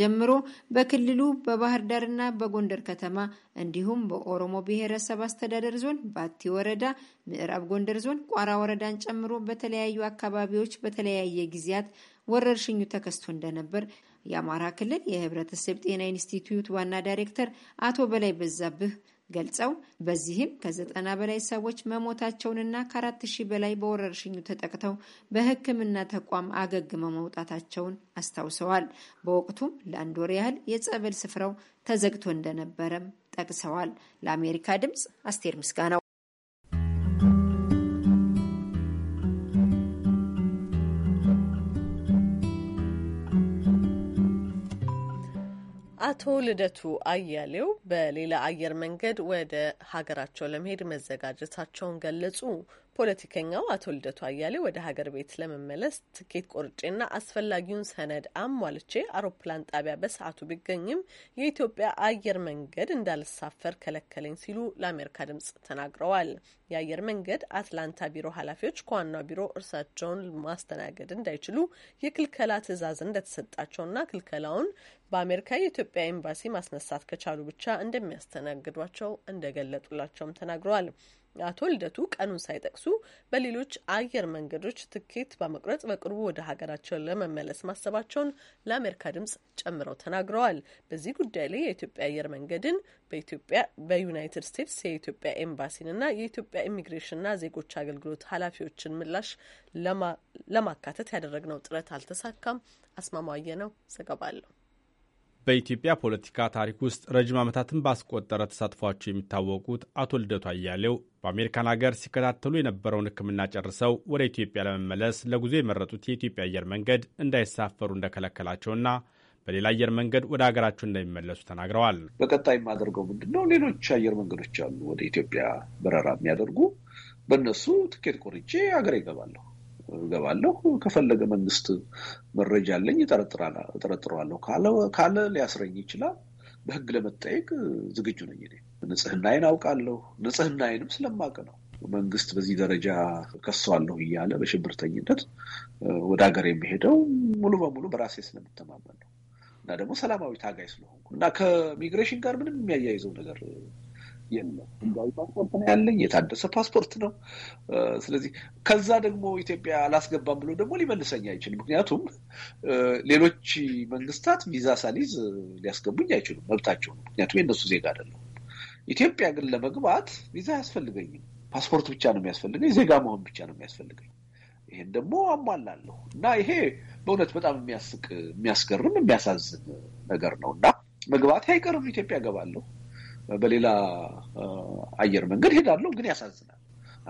ጀምሮ በክልሉ በባህር ዳርና በጎንደር ከተማ እንዲሁም በኦሮሞ ብሔረሰብ አስተዳደር ዞን ባቲ ወረዳ፣ ምዕራብ ጎንደር ዞን ቋራ ወረዳን ጨምሮ በተለያዩ አካባቢዎች በተለያየ ጊዜያት ወረርሽኙ ተከስቶ እንደነበር የአማራ ክልል የህብረተሰብ ጤና ኢንስቲትዩት ዋና ዳይሬክተር አቶ በላይ በዛብህ ገልጸው በዚህም ከዘጠና በላይ ሰዎች መሞታቸውንና ከአራት ሺህ በላይ በወረርሽኙ ተጠቅተው በሕክምና ተቋም አገግመው መውጣታቸውን አስታውሰዋል። በወቅቱም ለአንድ ወር ያህል የጸበል ስፍራው ተዘግቶ እንደነበረም ጠቅሰዋል። ለአሜሪካ ድምፅ አስቴር ምስጋናው አቶ ልደቱ አያሌው በሌላ አየር መንገድ ወደ ሀገራቸው ለመሄድ መዘጋጀታቸውን ገለጹ። ፖለቲከኛው አቶ ልደቱ አያሌ ወደ ሀገር ቤት ለመመለስ ትኬት ቆርጬና አስፈላጊውን ሰነድ አሟልቼ አውሮፕላን ጣቢያ በሰዓቱ ቢገኝም የኢትዮጵያ አየር መንገድ እንዳልሳፈር ከለከለኝ ሲሉ ለአሜሪካ ድምጽ ተናግረዋል። የአየር መንገድ አትላንታ ቢሮ ኃላፊዎች ከዋናው ቢሮ እርሳቸውን ማስተናገድ እንዳይችሉ የክልከላ ትዕዛዝ እንደተሰጣቸውና ክልከላውን በአሜሪካ የኢትዮጵያ ኤምባሲ ማስነሳት ከቻሉ ብቻ እንደሚያስተናግዷቸው እንደገለጡላቸውም ተናግረዋል። አቶ ልደቱ ቀኑን ሳይጠቅሱ በሌሎች አየር መንገዶች ትኬት በመቁረጥ በቅርቡ ወደ ሀገራቸው ለመመለስ ማሰባቸውን ለአሜሪካ ድምጽ ጨምረው ተናግረዋል። በዚህ ጉዳይ ላይ የኢትዮጵያ አየር መንገድን በኢትዮጵያ በዩናይትድ ስቴትስ የኢትዮጵያ ኤምባሲንና የኢትዮጵያ ኢሚግሬሽንና ዜጎች አገልግሎት ኃላፊዎችን ምላሽ ለማካተት ያደረግነው ጥረት አልተሳካም። አስማማየ ነው ዘገባ አለው። በኢትዮጵያ ፖለቲካ ታሪክ ውስጥ ረጅም ዓመታትን ባስቆጠረ ተሳትፏቸው የሚታወቁት አቶ ልደቱ አያሌው በአሜሪካን ሀገር ሲከታተሉ የነበረውን ሕክምና ጨርሰው ወደ ኢትዮጵያ ለመመለስ ለጉዞ የመረጡት የኢትዮጵያ አየር መንገድ እንዳይሳፈሩ እንደከለከላቸውና በሌላ አየር መንገድ ወደ ሀገራቸው እንደሚመለሱ ተናግረዋል። በቀጣይ የማደርገው ምንድን ነው? ሌሎች አየር መንገዶች አሉ፣ ወደ ኢትዮጵያ በረራ የሚያደርጉ በእነሱ ትኬት ቆርጬ ሀገር ይገባለሁ። እገባለሁ። ከፈለገ መንግስት መረጃ አለኝ እጠረጥረዋለሁ ካለ ሊያስረኝ ይችላል። በህግ ለመጠየቅ ዝግጁ ነኝ። እኔ ንጽህናዬን አውቃለሁ። ንጽህናዬንም ስለማቅ ነው መንግስት በዚህ ደረጃ ከሰዋለሁ እያለ በሽብርተኝነት ወደ ሀገር የሚሄደው ሙሉ በሙሉ በራሴ ስለምተማመን ነው እና ደግሞ ሰላማዊ ታጋይ ስለሆንኩ እና ከሚግሬሽን ጋር ምንም የሚያያይዘው ነገር የለም። ህጋዊ ፓስፖርት ነው ያለኝ፣ የታደሰ ፓስፖርት ነው። ስለዚህ ከዛ ደግሞ ኢትዮጵያ አላስገባም ብሎ ደግሞ ሊመልሰኝ አይችልም። ምክንያቱም ሌሎች መንግስታት ቪዛ ሳሊዝ ሊያስገቡኝ አይችሉም፣ መብታቸው ነው። ምክንያቱም የእነሱ ዜጋ አይደለም። ኢትዮጵያ ግን ለመግባት ቪዛ አያስፈልገኝም። ፓስፖርት ብቻ ነው የሚያስፈልገኝ፣ ዜጋ መሆን ብቻ ነው የሚያስፈልገኝ። ይህን ደግሞ አሟላለሁ እና ይሄ በእውነት በጣም የሚያስቅ የሚያስገርም የሚያሳዝን ነገር ነው እና መግባት አይቀርም። ኢትዮጵያ እገባለሁ በሌላ አየር መንገድ ሄዳለሁ። ግን ያሳዝናል።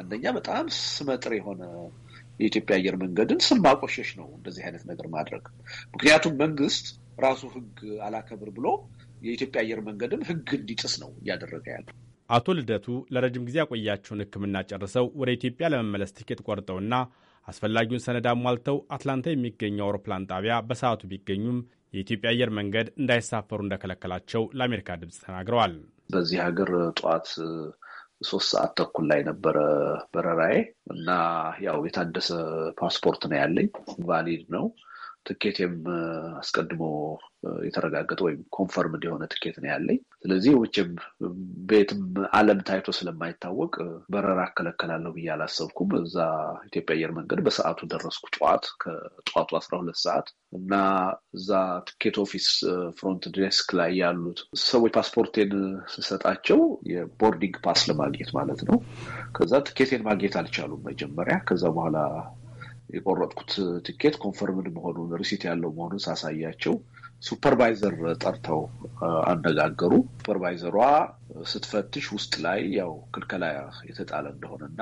አንደኛ በጣም ስመጥር የሆነ የኢትዮጵያ አየር መንገድን ስም ማቆሸሽ ነው እንደዚህ አይነት ነገር ማድረግ። ምክንያቱም መንግስት ራሱ ህግ አላከብር ብሎ የኢትዮጵያ አየር መንገድም ህግ እንዲጥስ ነው እያደረገ ያለ። አቶ ልደቱ ለረጅም ጊዜ ያቆያቸውን ሕክምና ጨርሰው ወደ ኢትዮጵያ ለመመለስ ትኬት ቆርጠውና አስፈላጊውን ሰነድ አሟልተው አትላንታ የሚገኘው አውሮፕላን ጣቢያ በሰዓቱ ቢገኙም የኢትዮጵያ አየር መንገድ እንዳይሳፈሩ እንደከለከላቸው ለአሜሪካ ድምፅ ተናግረዋል። በዚህ ሀገር ጠዋት ሶስት ሰዓት ተኩል ላይ ነበረ በረራዬ እና ያው የታደሰ ፓስፖርት ነው ያለኝ፣ ቫሊድ ነው። ትኬት አስቀድሞ የተረጋገጠ ወይም ኮንፈርም እንዲሆነ ትኬት ነው ያለኝ። ስለዚህ ውጭም ቤትም ዓለም ታይቶ ስለማይታወቅ በረራ አከለከላለሁ ብዬ አላሰብኩም። እዛ ኢትዮጵያ አየር መንገድ በሰዓቱ ደረስኩ። ጠዋት ከጠዋቱ አስራ ሁለት ሰዓት እና እዛ ትኬት ኦፊስ ፍሮንት ዴስክ ላይ ያሉት ሰዎች ፓስፖርቴን ስሰጣቸው የቦርዲንግ ፓስ ለማግኘት ማለት ነው። ከዛ ትኬቴን ማግኘት አልቻሉም መጀመሪያ። ከዛ በኋላ የቆረጥኩት ትኬት ኮንፈርምድ መሆኑን ሪሲት ያለው መሆኑን ሳሳያቸው ሱፐርቫይዘር ጠርተው አነጋገሩ። ሱፐርቫይዘሯ ስትፈትሽ ውስጥ ላይ ያው ክልከላ የተጣለ እንደሆነና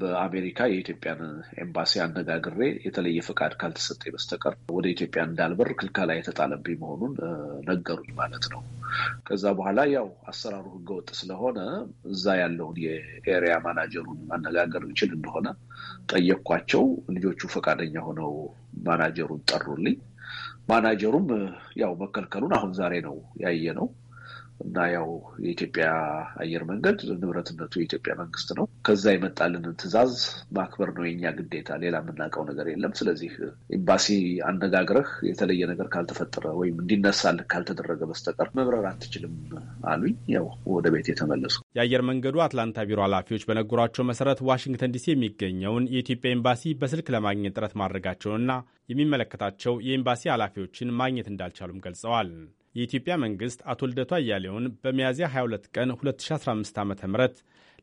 በአሜሪካ የኢትዮጵያን ኤምባሲ አነጋግሬ የተለየ ፈቃድ ካልተሰጠ በስተቀር ወደ ኢትዮጵያ እንዳልበር ክልከላ የተጣለብኝ መሆኑን ነገሩኝ ማለት ነው። ከዛ በኋላ ያው አሰራሩ ህገወጥ ስለሆነ እዛ ያለውን የኤሪያ ማናጀሩን ማነጋገር ይችል እንደሆነ ጠየቅኳቸው። ልጆቹ ፈቃደኛ ሆነው ማናጀሩን ጠሩልኝ። ማናጀሩም ያው መከልከሉን አሁን ዛሬ ነው ያየ ነው። እና ያው የኢትዮጵያ አየር መንገድ ንብረትነቱ የኢትዮጵያ መንግስት ነው። ከዛ የመጣልንን ትዕዛዝ ማክበር ነው የኛ ግዴታ። ሌላ የምናውቀው ነገር የለም። ስለዚህ ኤምባሲ አነጋግረህ የተለየ ነገር ካልተፈጠረ ወይም እንዲነሳልህ ካልተደረገ በስተቀር መብረር አትችልም አሉኝ። ያው ወደ ቤት የተመለሱ የአየር መንገዱ አትላንታ ቢሮ ኃላፊዎች በነገሯቸው መሰረት ዋሽንግተን ዲሲ የሚገኘውን የኢትዮጵያ ኤምባሲ በስልክ ለማግኘት ጥረት ማድረጋቸውንና የሚመለከታቸው የኤምባሲ ኃላፊዎችን ማግኘት እንዳልቻሉም ገልጸዋል። የኢትዮጵያ መንግሥት አቶ ልደቱ አያሌውን በሚያዝያ 22 ቀን 2015 ዓ ም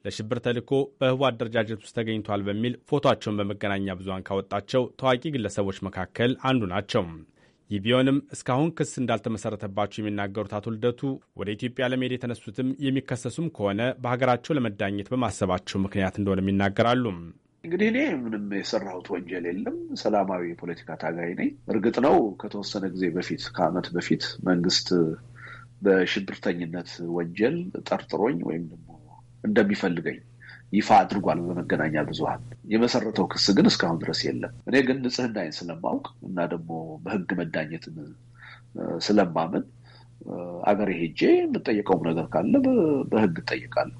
ለሽብር ተልኮ በህወሓት አደረጃጀት ውስጥ ተገኝቷል በሚል ፎቶቸውን በመገናኛ ብዙሃን ካወጣቸው ታዋቂ ግለሰቦች መካከል አንዱ ናቸው። ይህ ቢሆንም እስካሁን ክስ እንዳልተመሰረተባቸው የሚናገሩት አቶ ልደቱ ወደ ኢትዮጵያ ለመሄድ የተነሱትም የሚከሰሱም ከሆነ በሀገራቸው ለመዳኘት በማሰባቸው ምክንያት እንደሆነም ይናገራሉ። እንግዲህ እኔ ምንም የሰራሁት ወንጀል የለም። ሰላማዊ የፖለቲካ ታጋይ ነኝ። እርግጥ ነው ከተወሰነ ጊዜ በፊት ከዓመት በፊት መንግስት በሽብርተኝነት ወንጀል ጠርጥሮኝ ወይም ደግሞ እንደሚፈልገኝ ይፋ አድርጓል በመገናኛ ብዙኃን። የመሰረተው ክስ ግን እስካሁን ድረስ የለም። እኔ ግን ንጽህናዬን ስለማውቅ እና ደግሞ በህግ መዳኘትን ስለማምን አገሬ ሄጄ የምጠየቀውም ነገር ካለ በህግ እጠይቃለሁ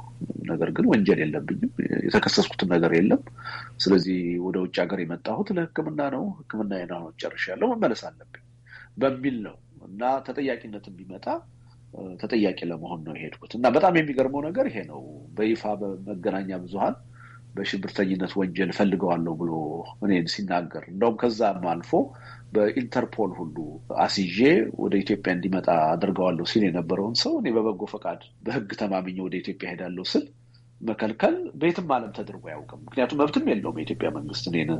ነገር ግን ወንጀል የለብኝም፣ የተከሰስኩትም ነገር የለም። ስለዚህ ወደ ውጭ ሀገር የመጣሁት ለህክምና ነው። ህክምና ናሆ ጨርሽ ያለው መመለስ አለብኝ በሚል ነው እና ተጠያቂነትን ቢመጣ ተጠያቂ ለመሆን ነው የሄድኩት እና በጣም የሚገርመው ነገር ይሄ ነው። በይፋ በመገናኛ ብዙሃን በሽብርተኝነት ወንጀል እፈልገዋለሁ ብሎ እኔን ሲናገር እንደውም ከዛም አልፎ በኢንተርፖል ሁሉ አስይዤ ወደ ኢትዮጵያ እንዲመጣ አድርገዋለሁ ሲል የነበረውን ሰው እኔ በበጎ ፈቃድ በህግ ተማምኜ ወደ ኢትዮጵያ ሄዳለሁ ስል መከልከል በየትም ዓለም ተደርጎ አያውቅም። ምክንያቱም መብትም የለውም የኢትዮጵያ መንግስት እኔን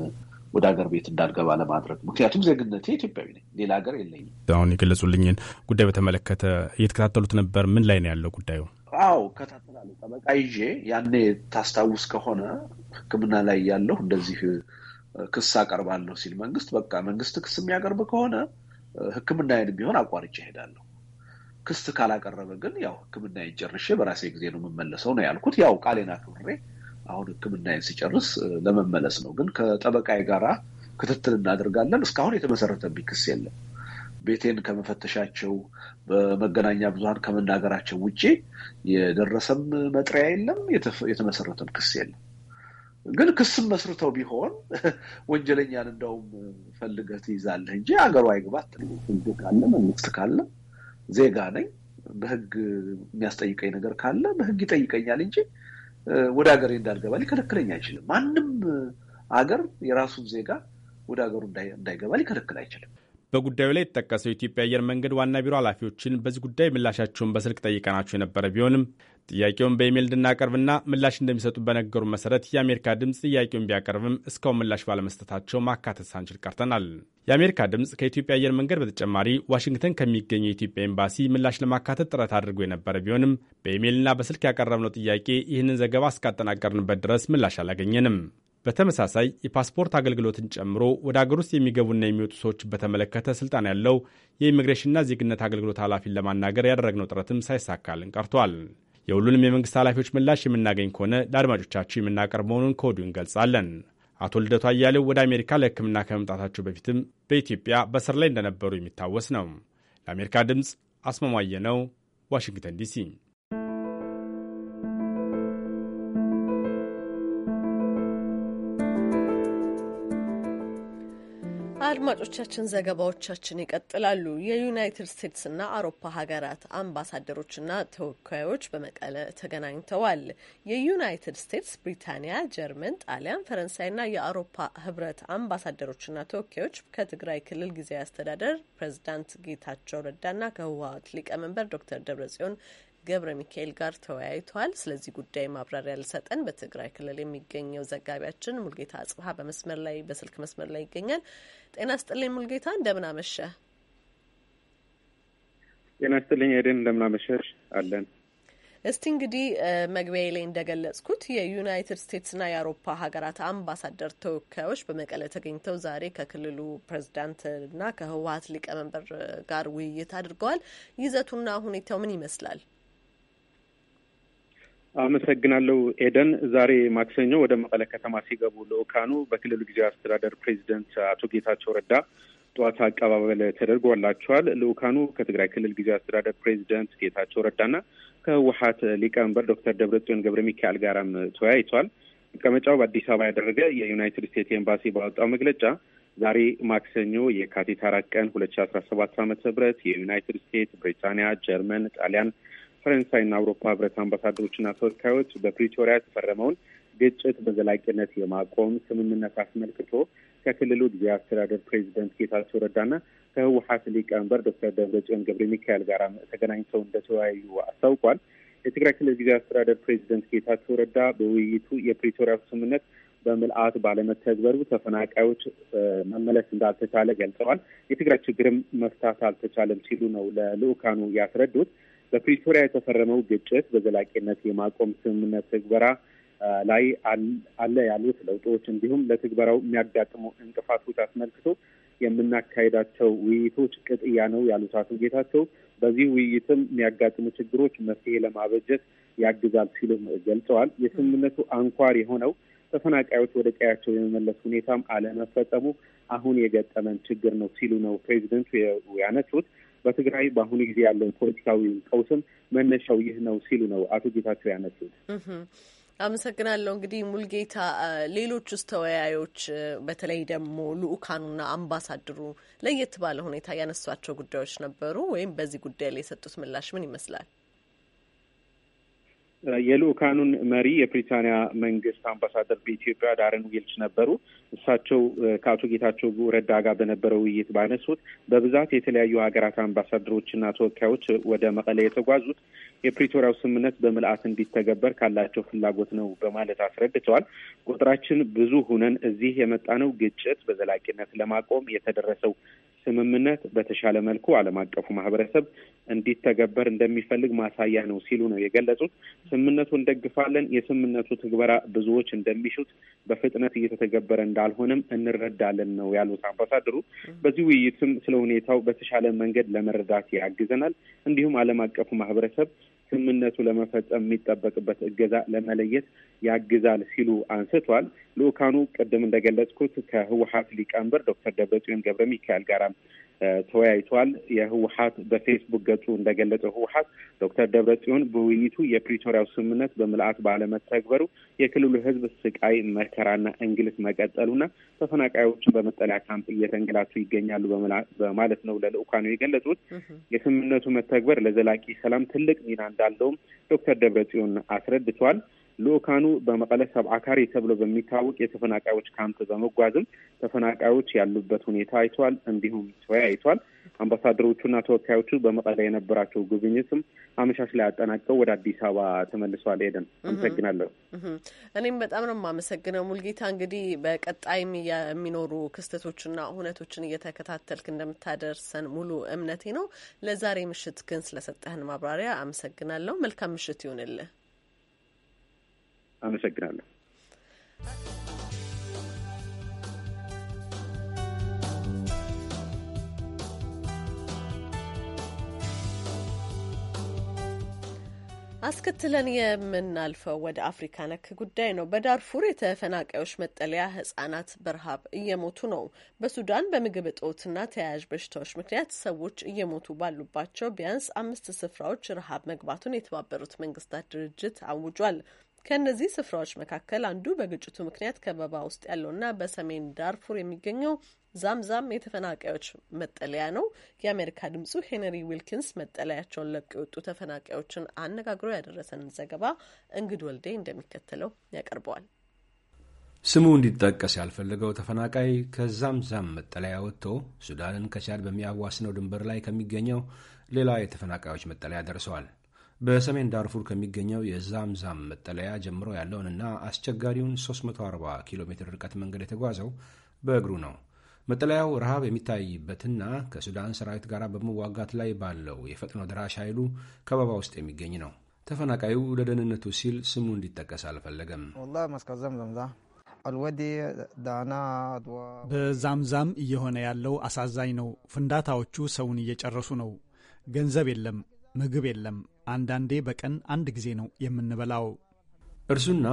ወደ ሀገር ቤት እንዳልገባ ለማድረግ ምክንያቱም ዜግነቴ ኢትዮጵያዊ ነኝ፣ ሌላ ሀገር የለኝም። አሁን የገለጹልኝን ጉዳይ በተመለከተ እየተከታተሉት ነበር። ምን ላይ ነው ያለው ጉዳዩ? አዎ እከታተላለሁ። ጠበቃ ይዤ ያኔ ታስታውስ ከሆነ ሕክምና ላይ ያለሁ እንደዚህ ክስ አቀርባለሁ ሲል መንግስት በቃ መንግስት ክስ የሚያቀርብ ከሆነ ሕክምናዬን ቢሆን አቋርጬ እሄዳለሁ። ክስ ካላቀረበ ግን ያው ህክምና ጨርሼ በራሴ ጊዜ ነው የምመለሰው ነው ያልኩት። ያው ቃሌን አክብሬ አሁን ሕክምናዬን ሲጨርስ ለመመለስ ነው። ግን ከጠበቃዬ ጋራ ክትትል እናደርጋለን። እስካሁን የተመሰረተብኝ ክስ የለም። ቤቴን ከመፈተሻቸው በመገናኛ ብዙሀን ከመናገራቸው ውጭ የደረሰም መጥሪያ የለም፣ የተመሰረተም ክስ የለም። ግን ክስም መስርተው ቢሆን ወንጀለኛን እንደውም ፈልገ ትይዛለህ እንጂ አገሩ አይግባት ህግ ካለ መንግስት ካለ ዜጋ ነኝ በህግ የሚያስጠይቀኝ ነገር ካለ በህግ ይጠይቀኛል እንጂ ወደ ሀገሬ እንዳልገባ ሊከለክለኝ አይችልም። ማንም አገር የራሱን ዜጋ ወደ ሀገሩ እንዳይገባ ሊከለክል አይችልም። በጉዳዩ ላይ የተጠቀሰው የኢትዮጵያ አየር መንገድ ዋና ቢሮ ኃላፊዎችን በዚህ ጉዳይ ምላሻቸውን በስልክ ጠይቀናቸው የነበረ ቢሆንም ጥያቄውን በኢሜይል እንድናቀርብና ምላሽ እንደሚሰጡ በነገሩ መሰረት የአሜሪካ ድምፅ ጥያቄውን ቢያቀርብም እስካሁን ምላሽ ባለመስጠታቸው ማካተት ሳንችል ቀርተናል። የአሜሪካ ድምፅ ከኢትዮጵያ አየር መንገድ በተጨማሪ ዋሽንግተን ከሚገኘው የኢትዮጵያ ኤምባሲ ምላሽ ለማካተት ጥረት አድርጎ የነበረ ቢሆንም በኢሜይልና በስልክ ያቀረብነው ጥያቄ ይህንን ዘገባ እስካጠናቀርንበት ድረስ ምላሽ አላገኘንም። በተመሳሳይ የፓስፖርት አገልግሎትን ጨምሮ ወደ አገር ውስጥ የሚገቡና የሚወጡ ሰዎች በተመለከተ ስልጣን ያለው የኢሚግሬሽንና ዜግነት አገልግሎት ኃላፊን ለማናገር ያደረግነው ጥረትም ሳይሳካልን ቀርቷል። የሁሉንም የመንግሥት ኃላፊዎች ምላሽ የምናገኝ ከሆነ ለአድማጮቻችሁ የምናቀርብ መሆኑን ከወዲሁ እንገልጻለን። አቶ ልደቱ አያሌው ወደ አሜሪካ ለሕክምና ከመምጣታቸው በፊትም በኢትዮጵያ በስር ላይ እንደነበሩ የሚታወስ ነው። ለአሜሪካ ድምፅ አስማማየ ነው፣ ዋሽንግተን ዲሲ አድማጮቻችን ዘገባዎቻችን ይቀጥላሉ። የዩናይትድ ስቴትስና አውሮፓ ሀገራት አምባሳደሮችና ተወካዮች በመቀለ ተገናኝተዋል። የዩናይትድ ስቴትስ፣ ብሪታንያ፣ ጀርመን፣ ጣሊያን፣ ፈረንሳይና የአውሮፓ ህብረት አምባሳደሮችና ተወካዮች ከትግራይ ክልል ጊዜያዊ አስተዳደር ፕሬዚዳንት ጌታቸው ረዳና ከህወሀት ሊቀመንበር ዶክተር ደብረጽዮን ገብረ ሚካኤል ጋር ተወያይተዋል። ስለዚህ ጉዳይ ማብራሪያ ልሰጠን በትግራይ ክልል የሚገኘው ዘጋቢያችን ሙልጌታ አጽብሀ በመስመር ላይ በስልክ መስመር ላይ ይገኛል። ጤና ስጥልኝ ሙልጌታ፣ እንደምን አመሸ? ጤና ስጥልኝ ኤደን፣ እንደምን አመሸሽ? አለን እስቲ እንግዲህ መግቢያ ላይ እንደገለጽኩት የዩናይትድ ስቴትስና የአውሮፓ ሀገራት አምባሳደር ተወካዮች በመቀለ ተገኝተው ዛሬ ከክልሉ ፕሬዚዳንትና ከህወሀት ሊቀመንበር ጋር ውይይት አድርገዋል። ይዘቱና ሁኔታው ምን ይመስላል? አመሰግናለሁ ኤደን። ዛሬ ማክሰኞ ወደ መቀለ ከተማ ሲገቡ ልኡካኑ በክልሉ ጊዜያዊ አስተዳደር ፕሬዚደንት አቶ ጌታቸው ረዳ ጠዋት አቀባበል ተደርጎላቸዋል። ልኡካኑ ከትግራይ ክልል ጊዜያዊ አስተዳደር ፕሬዚደንት ጌታቸው ረዳና ከህወሀት ሊቀመንበር ዶክተር ደብረጽዮን ገብረ ሚካኤል ጋራም ተወያይቷል። መቀመጫው በአዲስ አበባ ያደረገ የዩናይትድ ስቴትስ ኤምባሲ ባወጣው መግለጫ ዛሬ ማክሰኞ የካቲት አራት ቀን ሁለት ሺ አስራ ሰባት አመተ ምህረት የዩናይትድ ስቴትስ፣ ብሪታንያ፣ ጀርመን፣ ጣሊያን ና አውሮፓ ህብረት አምባሳደሮችና ተወካዮች በፕሪቶሪያ የተፈረመውን ግጭት በዘላቂነት የማቆም ስምምነት አስመልክቶ ከክልሉ ጊዜ አስተዳደር ፕሬዚደንት ጌታቸው ረዳና ከህወሀት ሊቀመንበር ዶክተር ደብረጽዮን ገብረ ሚካኤል ጋር ተገናኝተው እንደተወያዩ አስታውቋል። የትግራይ ክልል ጊዜ አስተዳደር ፕሬዚደንት ጌታቸው ረዳ በውይይቱ የፕሪቶሪያ ስምምነት በምልአት ባለመተግበሩ ተፈናቃዮች መመለስ እንዳልተቻለ ገልጸዋል። የትግራይ ችግርም መፍታት አልተቻለም ሲሉ ነው ለልኡካኑ ያስረዱት። በፕሪቶሪያ የተፈረመው ግጭት በዘላቂነት የማቆም ስምምነት ትግበራ ላይ አለ ያሉት ለውጦች እንዲሁም ለትግበራው የሚያጋጥሙ እንቅፋቶች አስመልክቶ የምናካሄዳቸው ውይይቶች ቅጥያ ነው ያሉት አቶ ጌታቸው በዚህ ውይይትም የሚያጋጥሙ ችግሮች መፍትሄ ለማበጀት ያግዛል ሲሉም ገልጸዋል። የስምምነቱ አንኳር የሆነው ተፈናቃዮች ወደ ቀያቸው የመመለስ ሁኔታም አለመፈጸሙ አሁን የገጠመን ችግር ነው ሲሉ ነው ፕሬዚደንቱ ያነሱት። በትግራይ በአሁኑ ጊዜ ያለውን ፖለቲካዊ ቀውስም መነሻው ይህ ነው ሲሉ ነው አቶ ጌታቸው ያነሱት። አመሰግናለሁ። እንግዲህ ሙልጌታ፣ ውስጥ ተወያዮች በተለይ ደግሞ ልኡካኑና አምባሳደሩ ለየት ባለ ሁኔታ ያነሷቸው ጉዳዮች ነበሩ ወይም በዚህ ጉዳይ ላይ የሰጡት ምላሽ ምን ይመስላል? የልኡካኑን መሪ የብሪታንያ መንግስት አምባሳደር በኢትዮጵያ ዳረን ዊልች ነበሩ። እሳቸው ከአቶ ጌታቸው ረዳ ጋር በነበረው ውይይት ባነሱት በብዛት የተለያዩ ሀገራት አምባሳደሮችና ተወካዮች ወደ መቀለ የተጓዙት የፕሪቶሪያው ስምምነት በምልአት እንዲተገበር ካላቸው ፍላጎት ነው በማለት አስረድተዋል። ቁጥራችን ብዙ ሁነን እዚህ የመጣነው ግጭት በዘላቂነት ለማቆም የተደረሰው ስምምነት በተሻለ መልኩ ዓለም አቀፉ ማህበረሰብ እንዲተገበር እንደሚፈልግ ማሳያ ነው ሲሉ ነው የገለጹት። ስምምነቱ እንደግፋለን የስምምነቱ ትግበራ ብዙዎች እንደሚሹት በፍጥነት እየተተገበረ እንዳ ካልሆነም እንረዳለን ነው ያሉት አምባሳደሩ። በዚህ ውይይትም ስለ ሁኔታው በተሻለ መንገድ ለመረዳት ያግዘናል፣ እንዲሁም ዓለም አቀፉ ማህበረሰብ ስምምነቱ ለመፈጸም የሚጠበቅበት እገዛ ለመለየት ያግዛል ሲሉ አንስቷል። ልኡካኑ ቅድም እንደገለጽኩት ከህወሀት ሊቀመንበር ዶክተር ደብረጽዮን ገብረ ሚካኤል ጋር ተወያይቷል። የህወሀት በፌስቡክ ገጹ እንደገለጸው ህወሀት ዶክተር ደብረጽዮን በውይይቱ የፕሪቶሪያው ስምምነት በምልአት ባለመተግበሩ የክልሉ ህዝብ ስቃይ መከራና እንግልት መቀጠሉና ተፈናቃዮቹ በመጠለያ ካምፕ እየተንግላቱ ይገኛሉ በማለት ነው ለልኡካኑ የገለጹት። የስምምነቱ መተግበር ለዘላቂ ሰላም ትልቅ ሚና እንዳለውም ዶክተር ደብረጽዮን አስረድቷል። ልኡካኑ በመቀለ ሰብዓ ካሬ ተብሎ በሚታወቅ የተፈናቃዮች ካምፕ በመጓዝም ተፈናቃዮች ያሉበት ሁኔታ አይቷል፣ እንዲሁም ተወያይቷል። አምባሳደሮቹና ተወካዮቹ በመቀለ የነበራቸው ጉብኝትም አመሻሽ ላይ አጠናቀው ወደ አዲስ አበባ ተመልሷል። ሄደን አመሰግናለሁ። እኔም በጣም ነው የማመሰግነው ሙልጌታ። እንግዲህ በቀጣይም የሚኖሩ ክስተቶችና ሁነቶችን እየተከታተልክ እንደምታደርሰን ሙሉ እምነቴ ነው። ለዛሬ ምሽት ግን ስለሰጠህን ማብራሪያ አመሰግናለሁ። መልካም ምሽት ይሁንልህ። አመሰግናለሁ። አስከትለን የምናልፈው ወደ አፍሪካ ነክ ጉዳይ ነው። በዳርፉር የተፈናቃዮች መጠለያ ህጻናት በረሃብ እየሞቱ ነው። በሱዳን በምግብ እጦትና ተያያዥ በሽታዎች ምክንያት ሰዎች እየሞቱ ባሉባቸው ቢያንስ አምስት ስፍራዎች ረሃብ መግባቱን የተባበሩት መንግስታት ድርጅት አውጇል። ከእነዚህ ስፍራዎች መካከል አንዱ በግጭቱ ምክንያት ከበባ ውስጥ ያለውና በሰሜን ዳርፉር የሚገኘው ዛምዛም የተፈናቃዮች መጠለያ ነው። የአሜሪካ ድምጹ ሄነሪ ዊልኪንስ መጠለያቸውን ለቀው የወጡ ተፈናቃዮችን አነጋግሮ ያደረሰንን ዘገባ እንግድ ወልዴ እንደሚከተለው ያቀርበዋል። ስሙ እንዲጠቀስ ያልፈለገው ተፈናቃይ ከዛምዛም መጠለያ ወጥቶ ሱዳንን ከቻድ በሚያዋስነው ድንበር ላይ ከሚገኘው ሌላ የተፈናቃዮች መጠለያ ደርሰዋል። በሰሜን ዳርፉር ከሚገኘው የዛምዛም መጠለያ ጀምሮ ያለውንና አስቸጋሪውን 340 ኪሎ ሜትር ርቀት መንገድ የተጓዘው በእግሩ ነው። መጠለያው ረሃብ የሚታይበትና ከሱዳን ሰራዊት ጋር በመዋጋት ላይ ባለው የፈጥኖ ደራሽ ኃይሉ ከበባ ውስጥ የሚገኝ ነው። ተፈናቃዩ ለደህንነቱ ሲል ስሙ እንዲጠቀስ አልፈለገም። በዛምዛም እየሆነ ያለው አሳዛኝ ነው። ፍንዳታዎቹ ሰውን እየጨረሱ ነው። ገንዘብ የለም፣ ምግብ የለም፣ አንዳንዴ በቀን አንድ ጊዜ ነው የምንበላው። እርሱና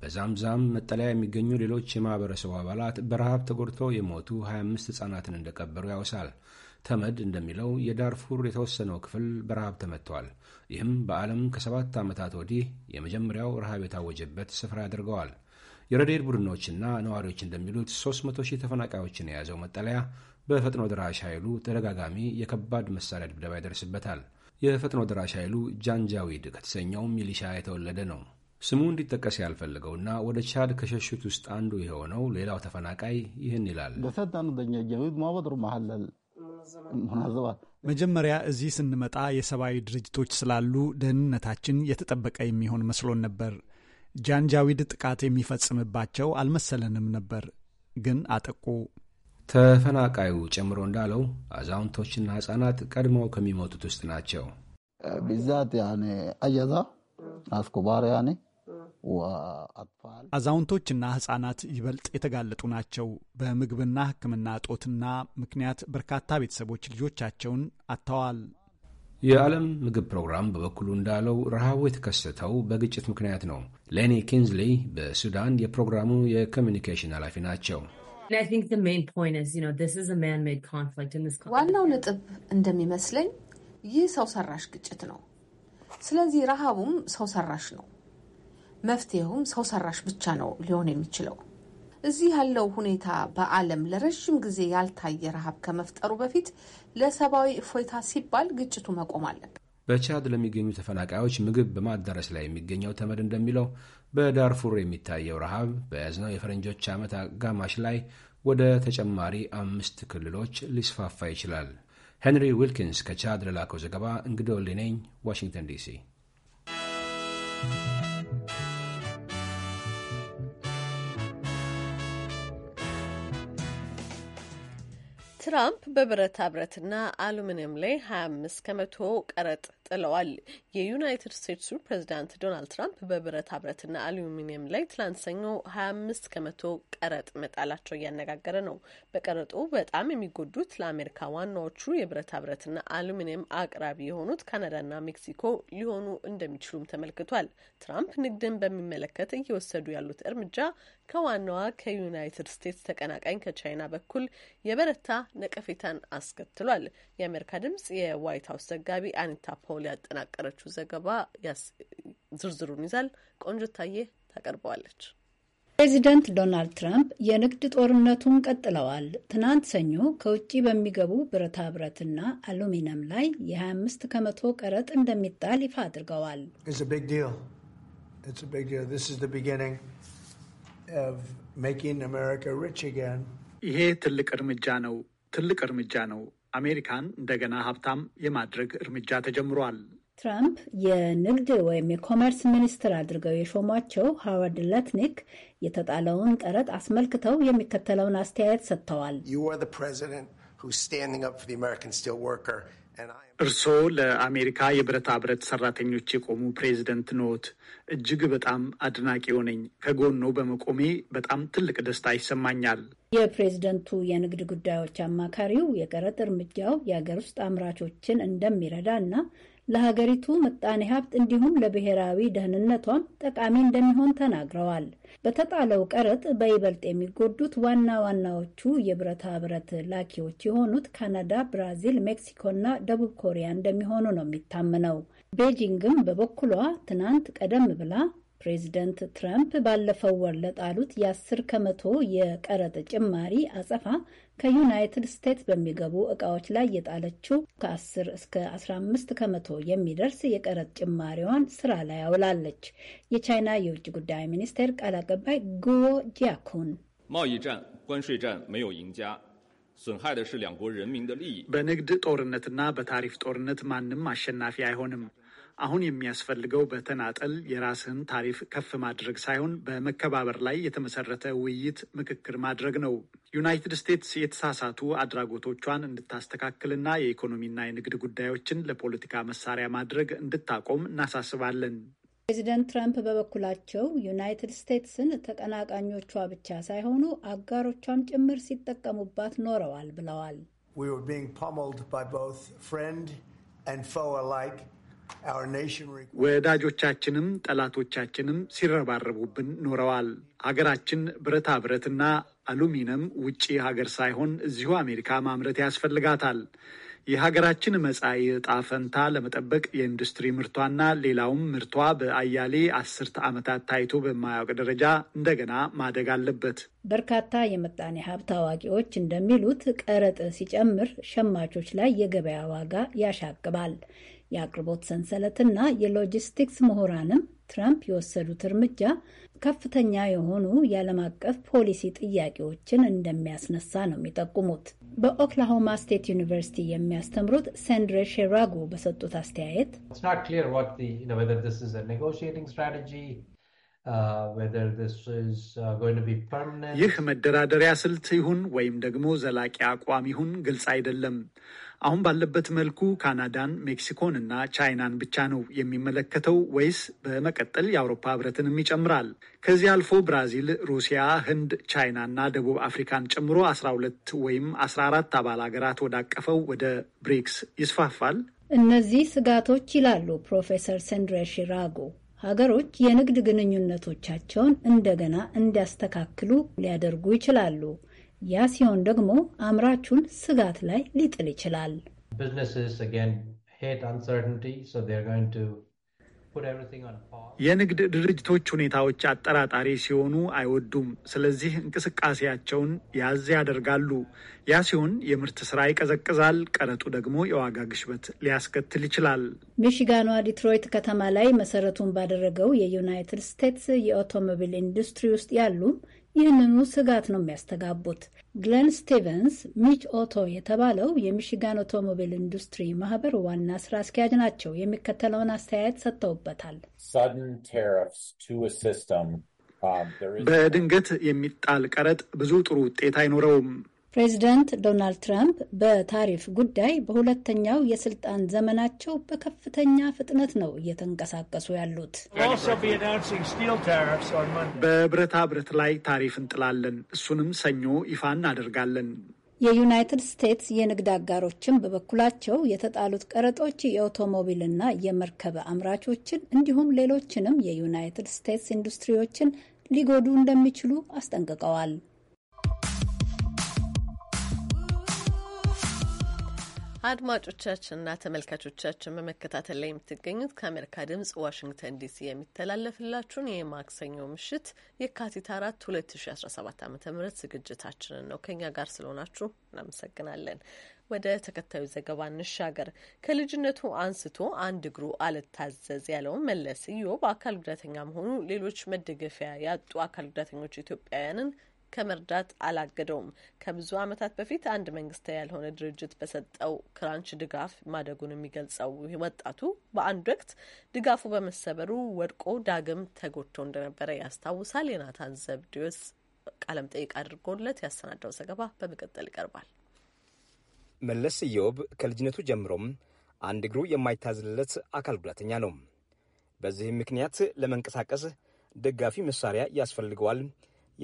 በዛምዛም መጠለያ የሚገኙ ሌሎች የማኅበረሰቡ አባላት በረሃብ ተጎድተው የሞቱ 25 ሕፃናትን እንደቀበሩ ያውሳል። ተመድ እንደሚለው የዳርፉር የተወሰነው ክፍል በረሃብ ተመትተዋል። ይህም በዓለም ከሰባት ዓመታት ወዲህ የመጀመሪያው ረሃብ የታወጀበት ስፍራ ያደርገዋል። የረዴድ ቡድኖችና ነዋሪዎች እንደሚሉት 300 ሺህ ተፈናቃዮችን የያዘው መጠለያ በፈጥኖ ደራሽ ኃይሉ ተደጋጋሚ የከባድ መሳሪያ ድብደባ ይደርስበታል። የፈጥኖ ደራሽ ኃይሉ ጃንጃዊድ ከተሰኘው ሚሊሻ የተወለደ ነው። ስሙ እንዲጠቀስ ያልፈለገውና ወደ ቻድ ከሸሹት ውስጥ አንዱ የሆነው ሌላው ተፈናቃይ ይህን ይላል። መጀመሪያ እዚህ ስንመጣ የሰብአዊ ድርጅቶች ስላሉ ደህንነታችን የተጠበቀ የሚሆን መስሎን ነበር። ጃንጃዊድ ጥቃት የሚፈጽምባቸው አልመሰለንም ነበር፣ ግን አጠቁ። ተፈናቃዩ ጨምሮ እንዳለው አዛውንቶችና ህጻናት ቀድመው ከሚሞቱት ውስጥ ናቸው። ብዛት ያኔ አያዛ አስኩባር ያኔ አዛውንቶችና ህጻናት ይበልጥ የተጋለጡ ናቸው። በምግብና ሕክምና እጦትና ምክንያት በርካታ ቤተሰቦች ልጆቻቸውን አጥተዋል። የዓለም ምግብ ፕሮግራም በበኩሉ እንዳለው ረሃቡ የተከሰተው በግጭት ምክንያት ነው። ሌኒ ኪንዝሊ በሱዳን የፕሮግራሙ የኮሚኒኬሽን ኃላፊ ናቸው። ዋናው ነጥብ እንደሚመስለኝ ይህ ሰው ሰራሽ ግጭት ነው። ስለዚህ ረሃቡም ሰው ሰራሽ ነው፣ መፍትሄውም ሰው ሰራሽ ብቻ ነው ሊሆን የሚችለው። እዚህ ያለው ሁኔታ በዓለም ለረዥም ጊዜ ያልታየ ረሃብ ከመፍጠሩ በፊት ለሰብአዊ እፎይታ ሲባል ግጭቱ መቆም አለበት። በቻድ ለሚገኙ ተፈናቃዮች ምግብ በማዳረስ ላይ የሚገኘው ተመድ እንደሚለው በዳርፉር የሚታየው ረሃብ በያዝነው የፈረንጆች ዓመት አጋማሽ ላይ ወደ ተጨማሪ አምስት ክልሎች ሊስፋፋ ይችላል። ሄንሪ ዊልኪንስ ከቻድ ለላከው ዘገባ እንግዶ ሊነኝ ዋሽንግተን ዲሲ። ትራምፕ በብረታ ብረትና አሉሚኒየም ላይ 25 ከመቶ ቀረጥ ጥለዋል። የዩናይትድ ስቴትሱ ፕሬዚዳንት ዶናልድ ትራምፕ በብረታ ብረትና አሉሚኒየም ላይ ትላንት ሰኞ ሀያ አምስት ከመቶ ቀረጥ መጣላቸው እያነጋገረ ነው። በቀረጡ በጣም የሚጎዱት ለአሜሪካ ዋናዎቹ የብረታ ብረትና አሉሚኒየም አቅራቢ የሆኑት ካናዳና ሜክሲኮ ሊሆኑ እንደሚችሉም ተመልክቷል። ትራምፕ ንግድን በሚመለከት እየወሰዱ ያሉት እርምጃ ከዋናዋ ከዩናይትድ ስቴትስ ተቀናቃኝ ከቻይና በኩል የበረታ ነቀፌታን አስከትሏል። የአሜሪካ ድምጽ የዋይት ሀውስ ዘጋቢ አኒታ ፖ ፖል ያጠናቀረችው ዘገባ ዝርዝሩን ይዛል። ቆንጅታዬ ታቀርበዋለች። ፕሬዚደንት ዶናልድ ትራምፕ የንግድ ጦርነቱን ቀጥለዋል። ትናንት ሰኞ ከውጭ በሚገቡ ብረታ ብረትና አሉሚኒየም ላይ የ25 ከመቶ ቀረጥ እንደሚጣል ይፋ አድርገዋል። ይሄ ትልቅ እርምጃ ነው። ትልቅ እርምጃ ነው። አሜሪካን እንደገና ሀብታም የማድረግ እርምጃ ተጀምሯል። ትራምፕ የንግድ ወይም የኮመርስ ሚኒስትር አድርገው የሾሟቸው ሃዋርድ ለትኒክ የተጣለውን ቀረጥ አስመልክተው የሚከተለውን አስተያየት ሰጥተዋል። እርስዎ ለአሜሪካ የብረታ ብረት ሰራተኞች የቆሙ ፕሬዚደንት ኖት። እጅግ በጣም አድናቂ ሆነኝ። ከጎኖ በመቆሜ በጣም ትልቅ ደስታ ይሰማኛል። የፕሬዝደንቱ የንግድ ጉዳዮች አማካሪው የቀረጥ እርምጃው የሀገር ውስጥ አምራቾችን እንደሚረዳ እና ለሀገሪቱ ምጣኔ ሀብት እንዲሁም ለብሔራዊ ደህንነቷም ጠቃሚ እንደሚሆን ተናግረዋል። በተጣለው ቀረጥ በይበልጥ የሚጎዱት ዋና ዋናዎቹ የብረታ ብረት ላኪዎች የሆኑት ካናዳ፣ ብራዚል፣ ሜክሲኮና ደቡብ ኮሪያ እንደሚሆኑ ነው የሚታመነው። ቤጂንግም በበኩሏ ትናንት ቀደም ብላ ፕሬዚደንት ትራምፕ ባለፈው ወር ለጣሉት የአስር ከመቶ የቀረጥ ጭማሪ አጸፋ ከዩናይትድ ስቴትስ በሚገቡ እቃዎች ላይ የጣለችው ከ10 እስከ 15 ከመቶ የሚደርስ የቀረጥ ጭማሪዋን ስራ ላይ አውላለች። የቻይና የውጭ ጉዳይ ሚኒስቴር ቃል አቀባይ ጉዎ ጂያኩን በንግድ ጦርነትና በታሪፍ ጦርነት ማንም አሸናፊ አይሆንም። አሁን የሚያስፈልገው በተናጠል የራስህን ታሪፍ ከፍ ማድረግ ሳይሆን በመከባበር ላይ የተመሰረተ ውይይት፣ ምክክር ማድረግ ነው። ዩናይትድ ስቴትስ የተሳሳቱ አድራጎቶቿን እንድታስተካክልና የኢኮኖሚና የንግድ ጉዳዮችን ለፖለቲካ መሳሪያ ማድረግ እንድታቆም እናሳስባለን። ፕሬዚደንት ትራምፕ በበኩላቸው ዩናይትድ ስቴትስን ተቀናቃኞቿ ብቻ ሳይሆኑ አጋሮቿም ጭምር ሲጠቀሙባት ኖረዋል ብለዋል። ወዳጆቻችንም ጠላቶቻችንም ሲረባረቡብን ኖረዋል። ሀገራችን ብረታ ብረትና አሉሚኒየም ውጪ ሀገር ሳይሆን እዚሁ አሜሪካ ማምረት ያስፈልጋታል። የሀገራችን መጻኢ ዕጣ ፈንታ ለመጠበቅ የኢንዱስትሪ ምርቷና ሌላውም ምርቷ በአያሌ አስርተ ዓመታት ታይቶ በማያውቅ ደረጃ እንደገና ማደግ አለበት። በርካታ የምጣኔ ሀብት አዋቂዎች እንደሚሉት ቀረጥ ሲጨምር ሸማቾች ላይ የገበያ ዋጋ ያሻቅባል። የአቅርቦት ሰንሰለትና የሎጂስቲክስ ምሁራንም ትራምፕ የወሰዱት እርምጃ ከፍተኛ የሆኑ የዓለም አቀፍ ፖሊሲ ጥያቄዎችን እንደሚያስነሳ ነው የሚጠቁሙት። በኦክላሆማ ስቴት ዩኒቨርሲቲ የሚያስተምሩት ሰንድሬ ሼራጎ በሰጡት አስተያየት uh, uh, ይህ መደራደሪያ ስልት ይሁን ወይም ደግሞ ዘላቂ አቋም ይሁን ግልጽ አይደለም። አሁን ባለበት መልኩ ካናዳን፣ ሜክሲኮን እና ቻይናን ብቻ ነው የሚመለከተው ወይስ በመቀጠል የአውሮፓ ህብረትንም ይጨምራል? ከዚህ አልፎ ብራዚል፣ ሩሲያ፣ ህንድ፣ ቻይና እና ደቡብ አፍሪካን ጨምሮ 12 ሁለት ወይም 14 አራት አባል ሀገራት ወዳቀፈው ወደ ብሪክስ ይስፋፋል? እነዚህ ስጋቶች ይላሉ ፕሮፌሰር ሰንድረ ሺራጎ ሀገሮች የንግድ ግንኙነቶቻቸውን እንደገና እንዲያስተካክሉ ሊያደርጉ ይችላሉ። ያ ሲሆን ደግሞ አምራቹን ስጋት ላይ ሊጥል ይችላል። የንግድ ድርጅቶች ሁኔታዎች አጠራጣሪ ሲሆኑ አይወዱም። ስለዚህ እንቅስቃሴያቸውን ያዝ ያደርጋሉ። ያ ሲሆን የምርት ስራ ይቀዘቅዛል። ቀረጡ ደግሞ የዋጋ ግሽበት ሊያስከትል ይችላል። ሚሽጋኗ ዲትሮይት ከተማ ላይ መሰረቱን ባደረገው የዩናይትድ ስቴትስ የኦቶሞቢል ኢንዱስትሪ ውስጥ ያሉ ይህንኑ ስጋት ነው የሚያስተጋቡት። ግለን ስቲቨንስ ሚች ኦቶ የተባለው የሚሽጋን ኦቶሞቢል ኢንዱስትሪ ማህበር ዋና ስራ አስኪያጅ ናቸው። የሚከተለውን አስተያየት ሰጥተውበታል። um, በድንገት የሚጣል ቀረጥ ብዙ ጥሩ ውጤት አይኖረውም። ፕሬዚደንት ዶናልድ ትራምፕ በታሪፍ ጉዳይ በሁለተኛው የስልጣን ዘመናቸው በከፍተኛ ፍጥነት ነው እየተንቀሳቀሱ ያሉት። በብረታ ብረት ላይ ታሪፍ እንጥላለን፣ እሱንም ሰኞ ይፋ እናደርጋለን። የዩናይትድ ስቴትስ የንግድ አጋሮችን በበኩላቸው የተጣሉት ቀረጦች የአውቶሞቢልና የመርከብ አምራቾችን እንዲሁም ሌሎችንም የዩናይትድ ስቴትስ ኢንዱስትሪዎችን ሊጎዱ እንደሚችሉ አስጠንቅቀዋል። አድማጮቻችንና ተመልካቾቻችን በመከታተል ላይ የምትገኙት ከአሜሪካ ድምጽ ዋሽንግተን ዲሲ የሚተላለፍላችሁን የማክሰኞ ምሽት የካቲት አራት ሁለት ሺ አስራ ሰባት ዓመተ ምህረት ዝግጅታችንን ነው። ከኛ ጋር ስለሆናችሁ እናመሰግናለን። ወደ ተከታዩ ዘገባ እንሻገር። ከልጅነቱ አንስቶ አንድ እግሩ አልታዘዝ ያለውን መለስ ኢዮብ አካል ጉዳተኛ መሆኑ ሌሎች መደገፊያ ያጡ አካል ጉዳተኞች ኢትዮጵያውያንን ከመርዳት አላገደውም። ከብዙ ዓመታት በፊት አንድ መንግስታዊ ያልሆነ ድርጅት በሰጠው ክራንች ድጋፍ ማደጉን የሚገልጸው ወጣቱ በአንድ ወቅት ድጋፉ በመሰበሩ ወድቆ ዳግም ተጎድቶ እንደነበረ ያስታውሳል። የናታን ዘብድዮስ ቃለም ጠይቅ አድርጎለት ያሰናዳው ዘገባ በመቀጠል ይቀርባል። መለስ ስየውብ ከልጅነቱ ጀምሮም አንድ እግሩ የማይታዝለት አካል ጉዳተኛ ነው። በዚህም ምክንያት ለመንቀሳቀስ ደጋፊ መሳሪያ ያስፈልገዋል።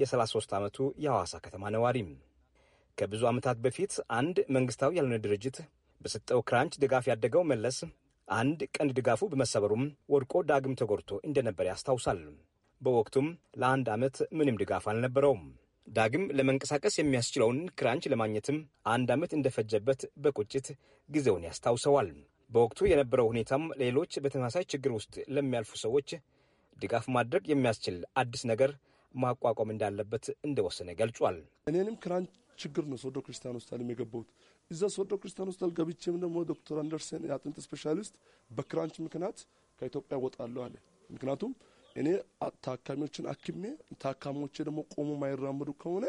የ33 ዓመቱ የሐዋሳ ከተማ ነዋሪ ከብዙ ዓመታት በፊት አንድ መንግሥታዊ ያልሆነ ድርጅት በሰጠው ክራንች ድጋፍ ያደገው መለስ አንድ ቀንድ ድጋፉ በመሰበሩም ወድቆ ዳግም ተጎድቶ እንደነበር ያስታውሳል። በወቅቱም ለአንድ ዓመት ምንም ድጋፍ አልነበረውም። ዳግም ለመንቀሳቀስ የሚያስችለውን ክራንች ለማግኘትም አንድ ዓመት እንደፈጀበት በቁጭት ጊዜውን ያስታውሰዋል። በወቅቱ የነበረው ሁኔታም ሌሎች በተመሳሳይ ችግር ውስጥ ለሚያልፉ ሰዎች ድጋፍ ማድረግ የሚያስችል አዲስ ነገር ማቋቋም እንዳለበት እንደወሰነ ገልጿል። እኔንም ክራንች ችግር ነው ሶዶ ክርስቲያን ሆስፒታል የገባሁት። እዛ ሶዶ ክርስቲያን ሆስፒታል ገብቼም ደግሞ ዶክተር አንደርሰን የአጥንት ስፔሻሊስት በክራንች ምክንያት ከኢትዮጵያ ወጣለሁ አለ። ምክንያቱም እኔ ታካሚዎችን አክሜ ታካሚዎቼ ደግሞ ቆሞ ማይራምዱ ከሆነ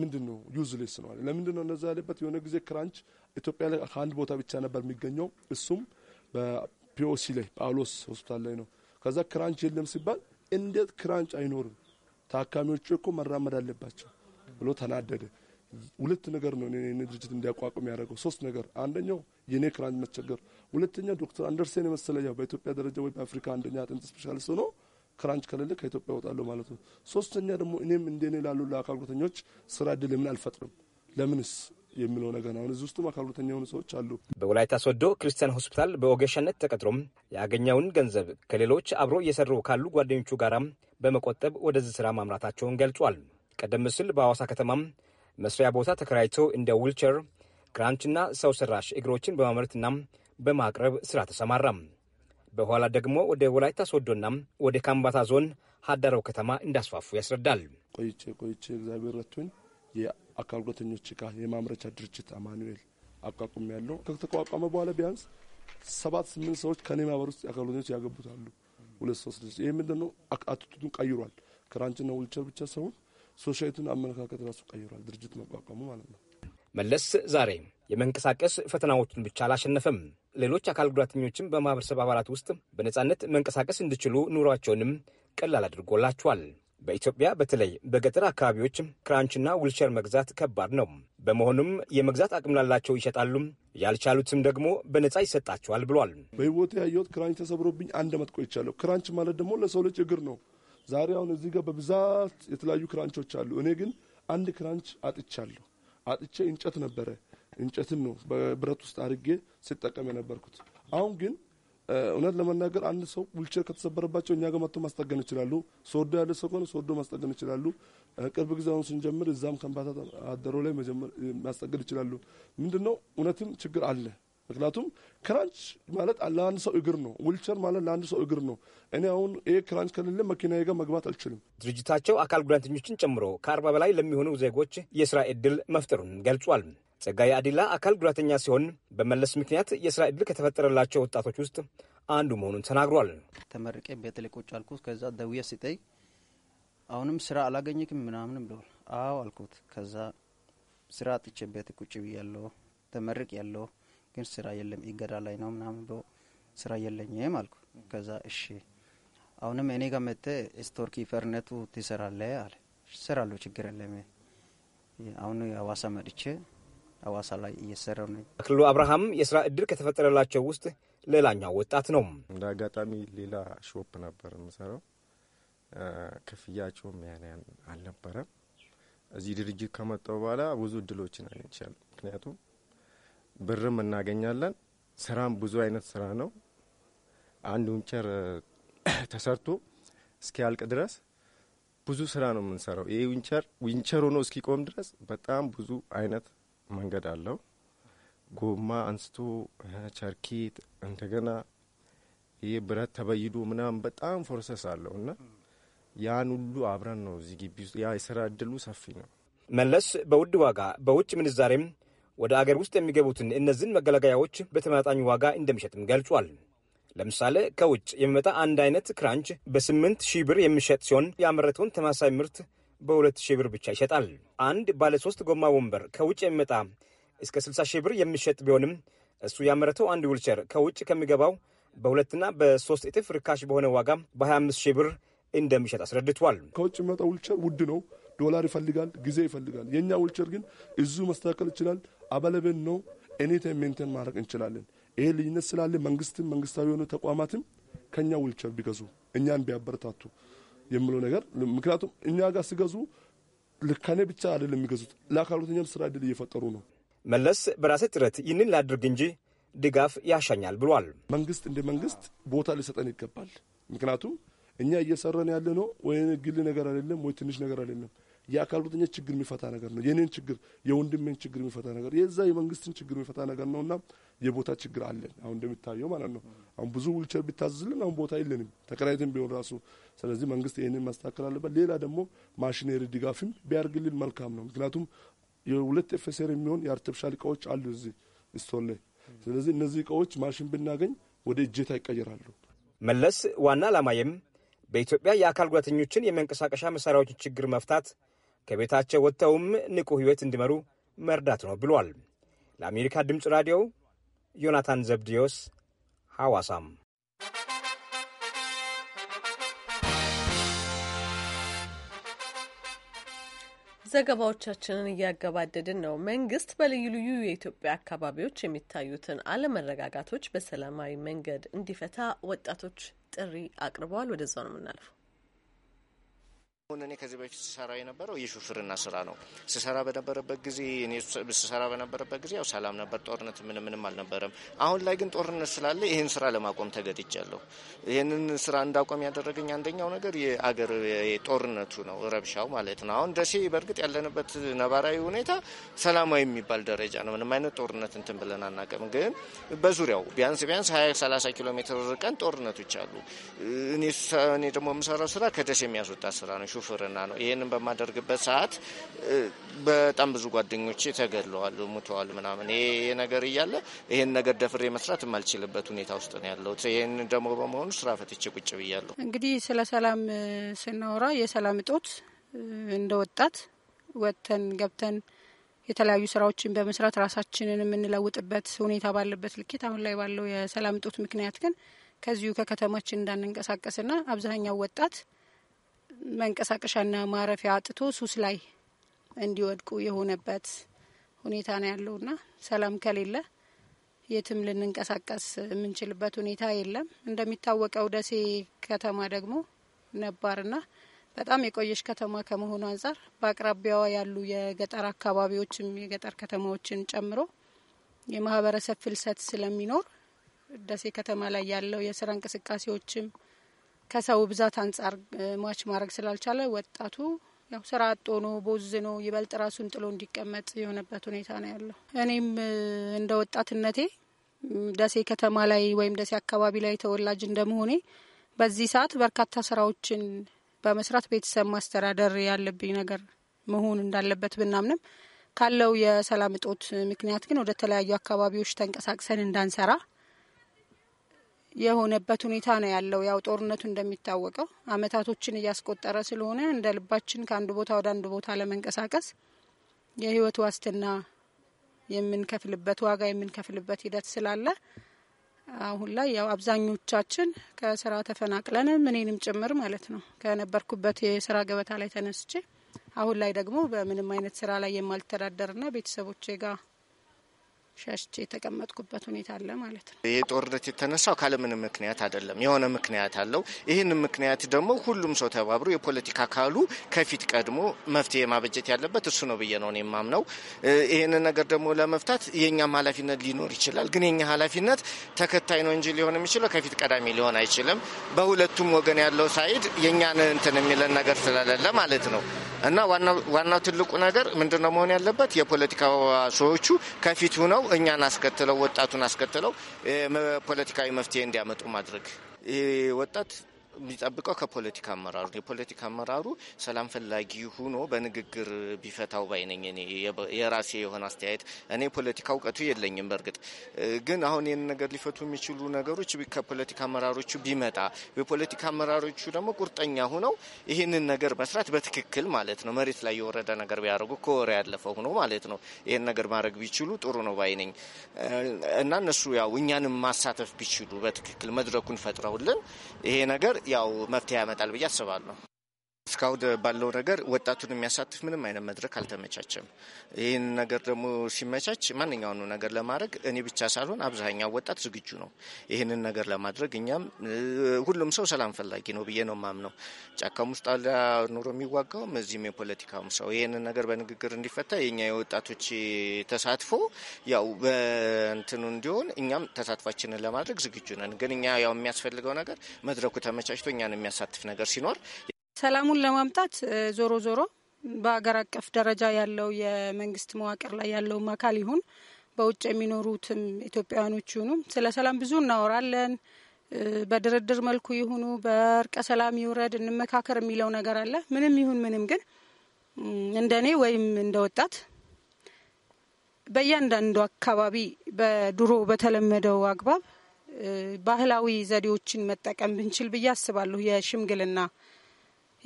ምንድን ነው ዩዝሌስ ነው አለ። ለምንድን ነው እነዛ ያለበት? የሆነ ጊዜ ክራንች ኢትዮጵያ ላይ ከአንድ ቦታ ብቻ ነበር የሚገኘው እሱም በፒኦሲ ላይ ጳውሎስ ሆስፒታል ላይ ነው። ከዛ ክራንች የለም ሲባል እንዴት ክራንች አይኖርም ታካሚዎቹ እኮ መራመድ አለባቸው ብሎ ተናደደ። ሁለት ነገር ነው እኔ ድርጅት እንዲያቋቁም ያደረገው ሶስት ነገር። አንደኛው የኔ ክራንች መቸገር፣ ሁለተኛ ዶክተር አንደርሴን የመሰለ ያው በኢትዮጵያ ደረጃ ወይ በአፍሪካ አንደኛ አጥንት ስፔሻሊስት ሆኖ ክራንች ከሌለ ከኢትዮጵያ ወጣለሁ ማለት ነው። ሶስተኛ ደግሞ እኔም እንደኔ ላሉ ለአካል ጉዳተኞች ስራ እድል ለምን አልፈጥርም? ለምንስ የሚለው ነገር አሁን እዚህ ውስጥም አካል ጉዳተኛ የሆኑ ሰዎች አሉ። በወላይታ ሶዶ ክርስቲያን ሆስፒታል በኦገሻነት ተቀጥሮም ያገኘውን ገንዘብ ከሌሎች አብሮ እየሰሩ ካሉ ጓደኞቹ ጋራም በመቆጠብ ወደዚህ ስራ ማምራታቸውን ገልጿል። ቀደም ሲል በሐዋሳ ከተማም መስሪያ ቦታ ተከራይቶ እንደ ዊልቸር ክራንችና ሰው ሰራሽ እግሮችን በማምረትና በማቅረብ ስራ ተሰማራ። በኋላ ደግሞ ወደ ወላይታ ሶዶና ወደ ካምባታ ዞን ሀዳረው ከተማ እንዳስፋፉ ያስረዳል። ቆይቼ ቆይቼ እግዚአብሔር ረቱኝ አካል ጉዳተኞች ጋር የማምረቻ ድርጅት አማኑኤል አቋቁም ያለው ከተቋቋመ በኋላ ቢያንስ ሰባት ስምንት ሰዎች ከኔ ማህበር ውስጥ የአካል ጉዳተኞች ያገቡታሉ። ሁለት ሶስት ልጅ ይህ ምንድን ነው? አትቱቱን ቀይሯል። ክራንችና ውልቸር ብቻ ሳይሆን ሶሻይቱን አመለካከት ራሱ ቀይሯል። ድርጅት መቋቋሙ ማለት ነው። መለስ ዛሬ የመንቀሳቀስ ፈተናዎችን ብቻ አላሸነፈም። ሌሎች አካል ጉዳተኞችም በማህበረሰብ አባላት ውስጥ በነጻነት መንቀሳቀስ እንዲችሉ ኑሯቸውንም ቀላል አድርጎላቸዋል። በኢትዮጵያ በተለይ በገጠር አካባቢዎች ክራንችና ዊልቸር መግዛት ከባድ ነው። በመሆኑም የመግዛት አቅም ላላቸው ይሸጣሉ፣ ያልቻሉትም ደግሞ በነፃ ይሰጣቸዋል ብሏል። በህይወት ያየሁት ክራንች ተሰብሮብኝ አንድ ዓመት ቆይቻለሁ። ክራንች ማለት ደግሞ ለሰው ልጅ እግር ነው። ዛሬ አሁን እዚህ ጋር በብዛት የተለያዩ ክራንቾች አሉ። እኔ ግን አንድ ክራንች አጥቻለሁ። አጥቼ እንጨት ነበረ። እንጨትን ነው በብረት ውስጥ አድርጌ ስጠቀም የነበርኩት። አሁን ግን እውነት ለመናገር አንድ ሰው ውልቸር ከተሰበረባቸው እኛ ጋር መጥቶ ማስጠገን ይችላሉ። ሶዶ ያለ ሰው ከሆነ ሶዶ ማስጠገን ይችላሉ። ቅርብ ጊዜ አሁን ስንጀምር እዛም ከንባታ አደሮ ላይ ማስጠገን ይችላሉ። ምንድነው እውነትም ችግር አለ። ምክንያቱም ክራንች ማለት ለአንድ ሰው እግር ነው። ዊልቸር ማለት ለአንድ ሰው እግር ነው። እኔ አሁን ይህ ክራንች ከሌለ መኪናዬ ጋር መግባት አልችልም። ድርጅታቸው አካል ጉዳተኞችን ጨምሮ ከአርባ በላይ ለሚሆኑ ዜጎች የስራ እድል መፍጠሩን ገልጿል። ጸጋዬ አዲላ አካል ጉዳተኛ ሲሆን በመለስ ምክንያት የስራ እድል ከተፈጠረላቸው ወጣቶች ውስጥ አንዱ መሆኑን ተናግሯል። ተመርቄ ቤት ላይ ቁጭ አልኩት። ከዛ ደውዬ ሲጠይ አሁንም ስራ አላገኘክም ምናምን ብለዋል። አዎ አልኩት። ከዛ ስራ አጥቼ ቤት ቁጭ ብያለሁ። ተመርቅ ያለሁ ግን ስራ የለም ይገዳ ላይ ነው ምናምን ብሎ ስራ የለኝም አልኩ። ከዛ እሺ አሁንም እኔ ጋር መጥተህ ስቶር ኪፐርነቱ ትሰራለ አለ። እሰራለሁ ችግር የለም። አሁን የሀዋሳ መጥቼ አዋሳ ላይ እየሰራው ነው። አክልሎ አብርሃም የስራ እድል ከተፈጠረላቸው ውስጥ ሌላኛው ወጣት ነው። እንደ አጋጣሚ ሌላ ሾፕ ነበር የምሰራው። ክፍያቸውም ያን ያን አልነበረም። እዚህ ድርጅት ከመጣው በኋላ ብዙ እድሎችን አግኝቻለሁ። ምክንያቱም ብርም እናገኛለን፣ ስራም ብዙ አይነት ስራ ነው። አንድ ዊንቸር ተሰርቶ እስኪያልቅ ድረስ ብዙ ስራ ነው የምንሰራው። ይህ ዊንቸር ዊንቸር ሆኖ እስኪቆም ድረስ በጣም ብዙ አይነት መንገድ አለው። ጎማ አንስቶ ቸርኬት እንደገና ይህ ብረት ተበይዶ ምናምን በጣም ፎርሰስ አለው እና ያን ሁሉ አብረን ነው እዚህ ግቢ ውስጥ ያ የስራ እድሉ ሰፊ ነው። መለስ በውድ ዋጋ በውጭ ምንዛሬም ወደ አገር ውስጥ የሚገቡትን እነዚህን መገለገያዎች በተመጣጣኝ ዋጋ እንደሚሸጥም ገልጿል። ለምሳሌ ከውጭ የሚመጣ አንድ አይነት ክራንች በስምንት ሺህ ብር የሚሸጥ ሲሆን ያመረተውን ተመሳሳይ ምርት በሁለት ሺህ ብር ብቻ ይሸጣል። አንድ ባለ ሶስት ጎማ ወንበር ከውጭ የሚመጣ እስከ 60 ሺህ ብር የሚሸጥ ቢሆንም እሱ ያመረተው አንድ ዊልቸር ከውጭ ከሚገባው በሁለትና በሶስት እጥፍ ርካሽ በሆነ ዋጋ በ25 ሺህ ብር እንደሚሸጥ አስረድቷል። ከውጭ የሚመጣ ዊልቸር ውድ ነው፣ ዶላር ይፈልጋል፣ ጊዜ ይፈልጋል። የእኛ ዊልቸር ግን እዙ መስተካከል ይችላል። አበለቤን ነው ኤኒታይም ሜንቴን ማድረግ እንችላለን። ይሄ ልዩነት ስላለ መንግስትም መንግስታዊ የሆኑ ተቋማትም ከእኛ ዊልቸር ቢገዙ እኛን ቢያበረታቱ የምለው ነገር ምክንያቱም እኛ ጋር ሲገዙ ልካኔ ብቻ አይደለም የሚገዙት ለአካሎተኛም ስራ እድል እየፈጠሩ ነው። መለስ በራሴ ጥረት ይህንን ላድርግ እንጂ ድጋፍ ያሻኛል ብሏል። መንግስት እንደ መንግስት ቦታ ሊሰጠን ይገባል። ምክንያቱም እኛ እየሰራን ያለ ነው ወይ ግል ነገር አይደለም ወይ ትንሽ ነገር አይደለም። የአካል ጉዳተኛ ችግር የሚፈታ ነገር ነው። የኔን ችግር፣ የወንድሜን ችግር የሚፈታ ነገር፣ የዛ የመንግስትን ችግር የሚፈታ ነገር ነው እና የቦታ ችግር አለን አሁን እንደሚታየው ማለት ነው። አሁን ብዙ ውልቸር ቢታዘዝልን አሁን ቦታ የለንም። ተከራይተን ቢሆን ራሱ ስለዚህ መንግስት ይህንን ማስተካከል አለበት። ሌላ ደግሞ ማሽነሪ ድጋፍም ቢያርግልን መልካም ነው። ምክንያቱም የሁለት ኤፌሴር የሚሆን የአርቲፊሻል እቃዎች አሉ እዚህ ስቶር ላይ። ስለዚህ እነዚህ እቃዎች ማሽን ብናገኝ ወደ እጀታ ይቀየራሉ። መለስ ዋና አላማዬም በኢትዮጵያ የአካል ጉዳተኞችን የመንቀሳቀሻ መሳሪያዎችን ችግር መፍታት፣ ከቤታቸው ወጥተውም ንቁ ህይወት እንዲመሩ መርዳት ነው ብሏል። ለአሜሪካ ድምፅ ራዲዮ ዮናታን ዘብዲዮስ ሐዋሳም ዘገባዎቻችንን እያገባደድን ነው። መንግስት በልዩ ልዩ የኢትዮጵያ አካባቢዎች የሚታዩትን አለመረጋጋቶች በሰላማዊ መንገድ እንዲፈታ ወጣቶች ጥሪ አቅርበዋል። ወደዛው ነው የምናልፈው። አሁን እኔ ከዚህ በፊት ስሰራ የነበረው የሹፍርና ስራ ነው። ስሰራ በነበረበት ጊዜ እኔ ስሰራ በነበረበት ጊዜ ያው ሰላም ነበር፣ ጦርነት ምን ምንም አልነበረም። አሁን ላይ ግን ጦርነት ስላለ ይህን ስራ ለማቆም ተገድጃለሁ። ይህንን ስራ እንዳቆም ያደረገኝ አንደኛው ነገር የአገር ጦርነቱ ነው፣ ረብሻው ማለት ነው። አሁን ደሴ በእርግጥ ያለንበት ነባራዊ ሁኔታ ሰላማዊ የሚባል ደረጃ ነው። ምንም አይነት ጦርነት እንትን ብለን አናውቅም። ግን በዙሪያው ቢያንስ ቢያንስ ሀያ 30 ኪሎ ሜትር ርቀን ጦርነቶች አሉ። እኔ ደግሞ የምሰራው ስራ ከደሴ የሚያስወጣ ስራ ነው ሹፍርና ነው። ይህንን በማደርግበት ሰዓት በጣም ብዙ ጓደኞች ተገድለዋል፣ ሙተዋል ምናምን ይሄ ነገር እያለ ይህን ነገር ደፍሬ መስራት የማልችልበት ሁኔታ ውስጥ ነው ያለሁት። ይህን ደግሞ በመሆኑ ስራ ፈትቼ ቁጭ ብያለሁ። እንግዲህ ስለ ሰላም ስናወራ የሰላም እጦት እንደ ወጣት ወጥተን ገብተን የተለያዩ ስራዎችን በመስራት ራሳችንን የምንለውጥበት ሁኔታ ባለበት ልኬት አሁን ላይ ባለው የሰላም እጦት ምክንያት ግን ከዚሁ ከከተማችን እንዳንንቀሳቀስና አብዛኛው ወጣት መንቀሳቀሻና ማረፊያ አጥቶ ሱስ ላይ እንዲወድቁ የሆነበት ሁኔታ ነው ያለውና ሰላም ከሌለ የትም ልንንቀሳቀስ የምንችልበት ሁኔታ የለም። እንደሚታወቀው ደሴ ከተማ ደግሞ ነባርና በጣም የቆየች ከተማ ከመሆኑ አንጻር በአቅራቢያዋ ያሉ የገጠር አካባቢዎችም የገጠር ከተማዎችን ጨምሮ የማህበረሰብ ፍልሰት ስለሚኖር ደሴ ከተማ ላይ ያለው የስራ እንቅስቃሴዎችም ከሰው ብዛት አንጻር ሟች ማድረግ ስላልቻለ ወጣቱ ያው ስራ ነው ቦዝ ቦዝኖ ይበልጥ ራሱን ጥሎ እንዲቀመጥ የሆነበት ሁኔታ ነው ያለው። እኔም እንደ ወጣትነቴ ደሴ ከተማ ላይ ወይም ደሴ አካባቢ ላይ ተወላጅ እንደመሆኔ በዚህ ሰዓት በርካታ ስራዎችን በመስራት ቤተሰብ ማስተዳደር ያለብኝ ነገር መሆን እንዳለበት ብናምንም ካለው የሰላም እጦት ምክንያት ግን ወደ ተለያዩ አካባቢዎች ተንቀሳቅሰን እንዳንሰራ የሆነበት ሁኔታ ነው ያለው። ያው ጦርነቱ እንደሚታወቀው አመታቶችን እያስቆጠረ ስለሆነ እንደ ልባችን ከአንድ ቦታ ወደ አንድ ቦታ ለመንቀሳቀስ የህይወት ዋስትና የምንከፍልበት ዋጋ የምንከፍልበት ሂደት ስላለ አሁን ላይ ያው አብዛኞቻችን ከስራ ተፈናቅለን እኔንም ጭምር ማለት ነው ከነበርኩበት የስራ ገበታ ላይ ተነስቼ አሁን ላይ ደግሞ በምንም አይነት ስራ ላይ የማልተዳደርና ቤተሰቦቼ ጋር ሸሽቼ የተቀመጥኩበት ሁኔታ አለ ማለት ነው። ይህ ጦርነት የተነሳው ካለምንም ምክንያት አይደለም። የሆነ ምክንያት አለው። ይህን ምክንያት ደግሞ ሁሉም ሰው ተባብሮ የፖለቲካ አካሉ ከፊት ቀድሞ መፍትሄ ማበጀት ያለበት እሱ ነው ብዬ ነው የማምነው። ይህንን ነገር ደግሞ ለመፍታት የእኛም ኃላፊነት ሊኖር ይችላል። ግን የኛ ኃላፊነት ተከታይ ነው እንጂ ሊሆን የሚችለው ከፊት ቀዳሚ ሊሆን አይችልም። በሁለቱም ወገን ያለው ሳይድ የእኛን እንትን የሚለን ነገር ስለሌለ ማለት ነው እና ዋናው ትልቁ ነገር ምንድነው መሆን ያለበት የፖለቲካ ሰዎቹ ከፊት ሁነው ነው እኛን አስከትለው ወጣቱን አስከትለው ፖለቲካዊ መፍትሄ እንዲያመጡ ማድረግ ይህ ወጣት የሚጠብቀው ከፖለቲካ አመራሩ የፖለቲካ አመራሩ ሰላም ፈላጊ ሆኖ በንግግር ቢፈታው ባይነኝ እኔ የራሴ የሆነ አስተያየት እኔ ፖለቲካ እውቀቱ የለኝም። በእርግጥ ግን አሁን ይህን ነገር ሊፈቱ የሚችሉ ነገሮች ከፖለቲካ አመራሮቹ ቢመጣ የፖለቲካ አመራሮቹ ደግሞ ቁርጠኛ ሆነው ይህንን ነገር መስራት በትክክል ማለት ነው መሬት ላይ የወረደ ነገር ቢያደርጉ ከወረ ያለፈ ሁኖ ማለት ነው ይህን ነገር ማድረግ ቢችሉ ጥሩ ነው ባይነኝ እና እነሱ ያው እኛንም ማሳተፍ ቢችሉ በትክክል መድረኩን ፈጥረውልን ይሄ ነገር ያው መፍትሄ ያመጣል ብዬ አስባለሁ። እስካሁን ባለው ነገር ወጣቱን የሚያሳትፍ ምንም አይነት መድረክ አልተመቻቸም። ይህን ነገር ደግሞ ሲመቻች ማንኛውንም ነገር ለማድረግ እኔ ብቻ ሳልሆን አብዛኛው ወጣት ዝግጁ ነው ይህንን ነገር ለማድረግ። እኛም ሁሉም ሰው ሰላም ፈላጊ ነው ብዬ ነው ማምነው። ጫካም ውስጥ አለ ኑሮ የሚዋጋውም እዚህም የፖለቲካውም ሰው ይህንን ነገር በንግግር እንዲፈታ የኛ የወጣቶች ተሳትፎ ያው በእንትኑ እንዲሆን እኛም ተሳትፏችንን ለማድረግ ዝግጁ ነን። ግን እኛ ያው የሚያስፈልገው ነገር መድረኩ ተመቻችቶ እኛን የሚያሳትፍ ነገር ሲኖር ሰላሙን ለማምጣት ዞሮ ዞሮ በሀገር አቀፍ ደረጃ ያለው የመንግስት መዋቅር ላይ ያለውም አካል ይሁን በውጭ የሚኖሩትም ኢትዮጵያውያኖች ይሁኑ ስለ ሰላም ብዙ እናወራለን። በድርድር መልኩ ይሁኑ በእርቀ ሰላም ይውረድ እንመካከር የሚለው ነገር አለ። ምንም ይሁን ምንም ግን እንደ እኔ ወይም እንደ ወጣት በእያንዳንዱ አካባቢ በድሮ በተለመደው አግባብ ባህላዊ ዘዴዎችን መጠቀም ብንችል ብዬ አስባለሁ የሽምግልና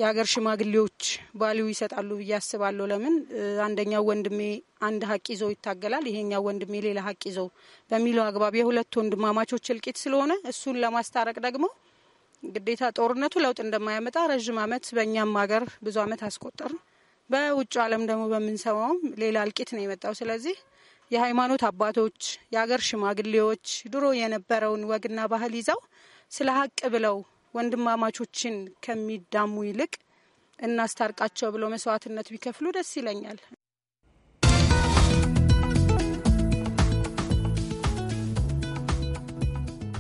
የሀገር ሽማግሌዎች ባሊው ይሰጣሉ ብዬ አስባለሁ። ለምን አንደኛው ወንድሜ አንድ ሀቅ ይዘው ይታገላል፣ ይሄኛው ወንድሜ ሌላ ሀቅ ይዘው በሚለው አግባብ የሁለት ወንድማማቾች እልቂት ስለሆነ እሱን ለማስታረቅ ደግሞ ግዴታ ጦርነቱ ለውጥ እንደማያመጣ ረዥም ዓመት በእኛም ሀገር ብዙ ዓመት አስቆጠር። በውጭ ዓለም ደግሞ በምንሰማውም ሌላ እልቂት ነው የመጣው። ስለዚህ የሃይማኖት አባቶች፣ የሀገር ሽማግሌዎች ድሮ የነበረውን ወግና ባህል ይዘው ስለ ሀቅ ብለው ወንድማማቾችን ከሚዳሙ ይልቅ እናስታርቃቸው ብሎ መስዋዕትነት ቢከፍሉ ደስ ይለኛል።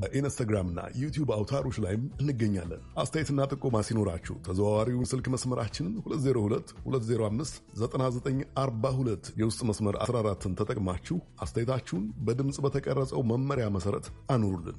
በኢንስታግራምና ዩቲዩብ አውታሮች ላይም እንገኛለን። አስተያየትና ጥቆማ ሲኖራችሁ ተዘዋዋሪውን ስልክ መስመራችንን 2022059942 የውስጥ መስመር 14ን ተጠቅማችሁ አስተያየታችሁን በድምፅ በተቀረጸው መመሪያ መሰረት አኑሩልን።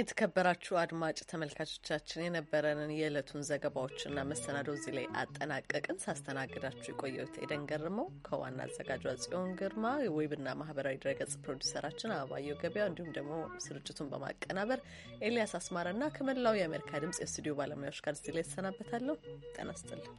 የተከበራችሁ አድማጭ ተመልካቾቻችን የነበረንን የዕለቱን ዘገባዎችና መሰናዶ እዚህ ላይ አጠናቀቅን። ሳስተናግዳችሁ የቆየሁት ኤደን ገርመው ከዋና አዘጋጇ ጽዮን ግርማ፣ ዌብና ማህበራዊ ድረገጽ ፕሮዲሰራችን አበባየው ገበያ እንዲሁም ደግሞ ስርጭቱን በማቀናበር ኤልያስ አስማረና ከመላው የአሜሪካ ድምጽ የስቱዲዮ ባለሙያዎች ጋር እዚህ ላይ ተሰናበታለሁ። ጤና ይስጥልኝ።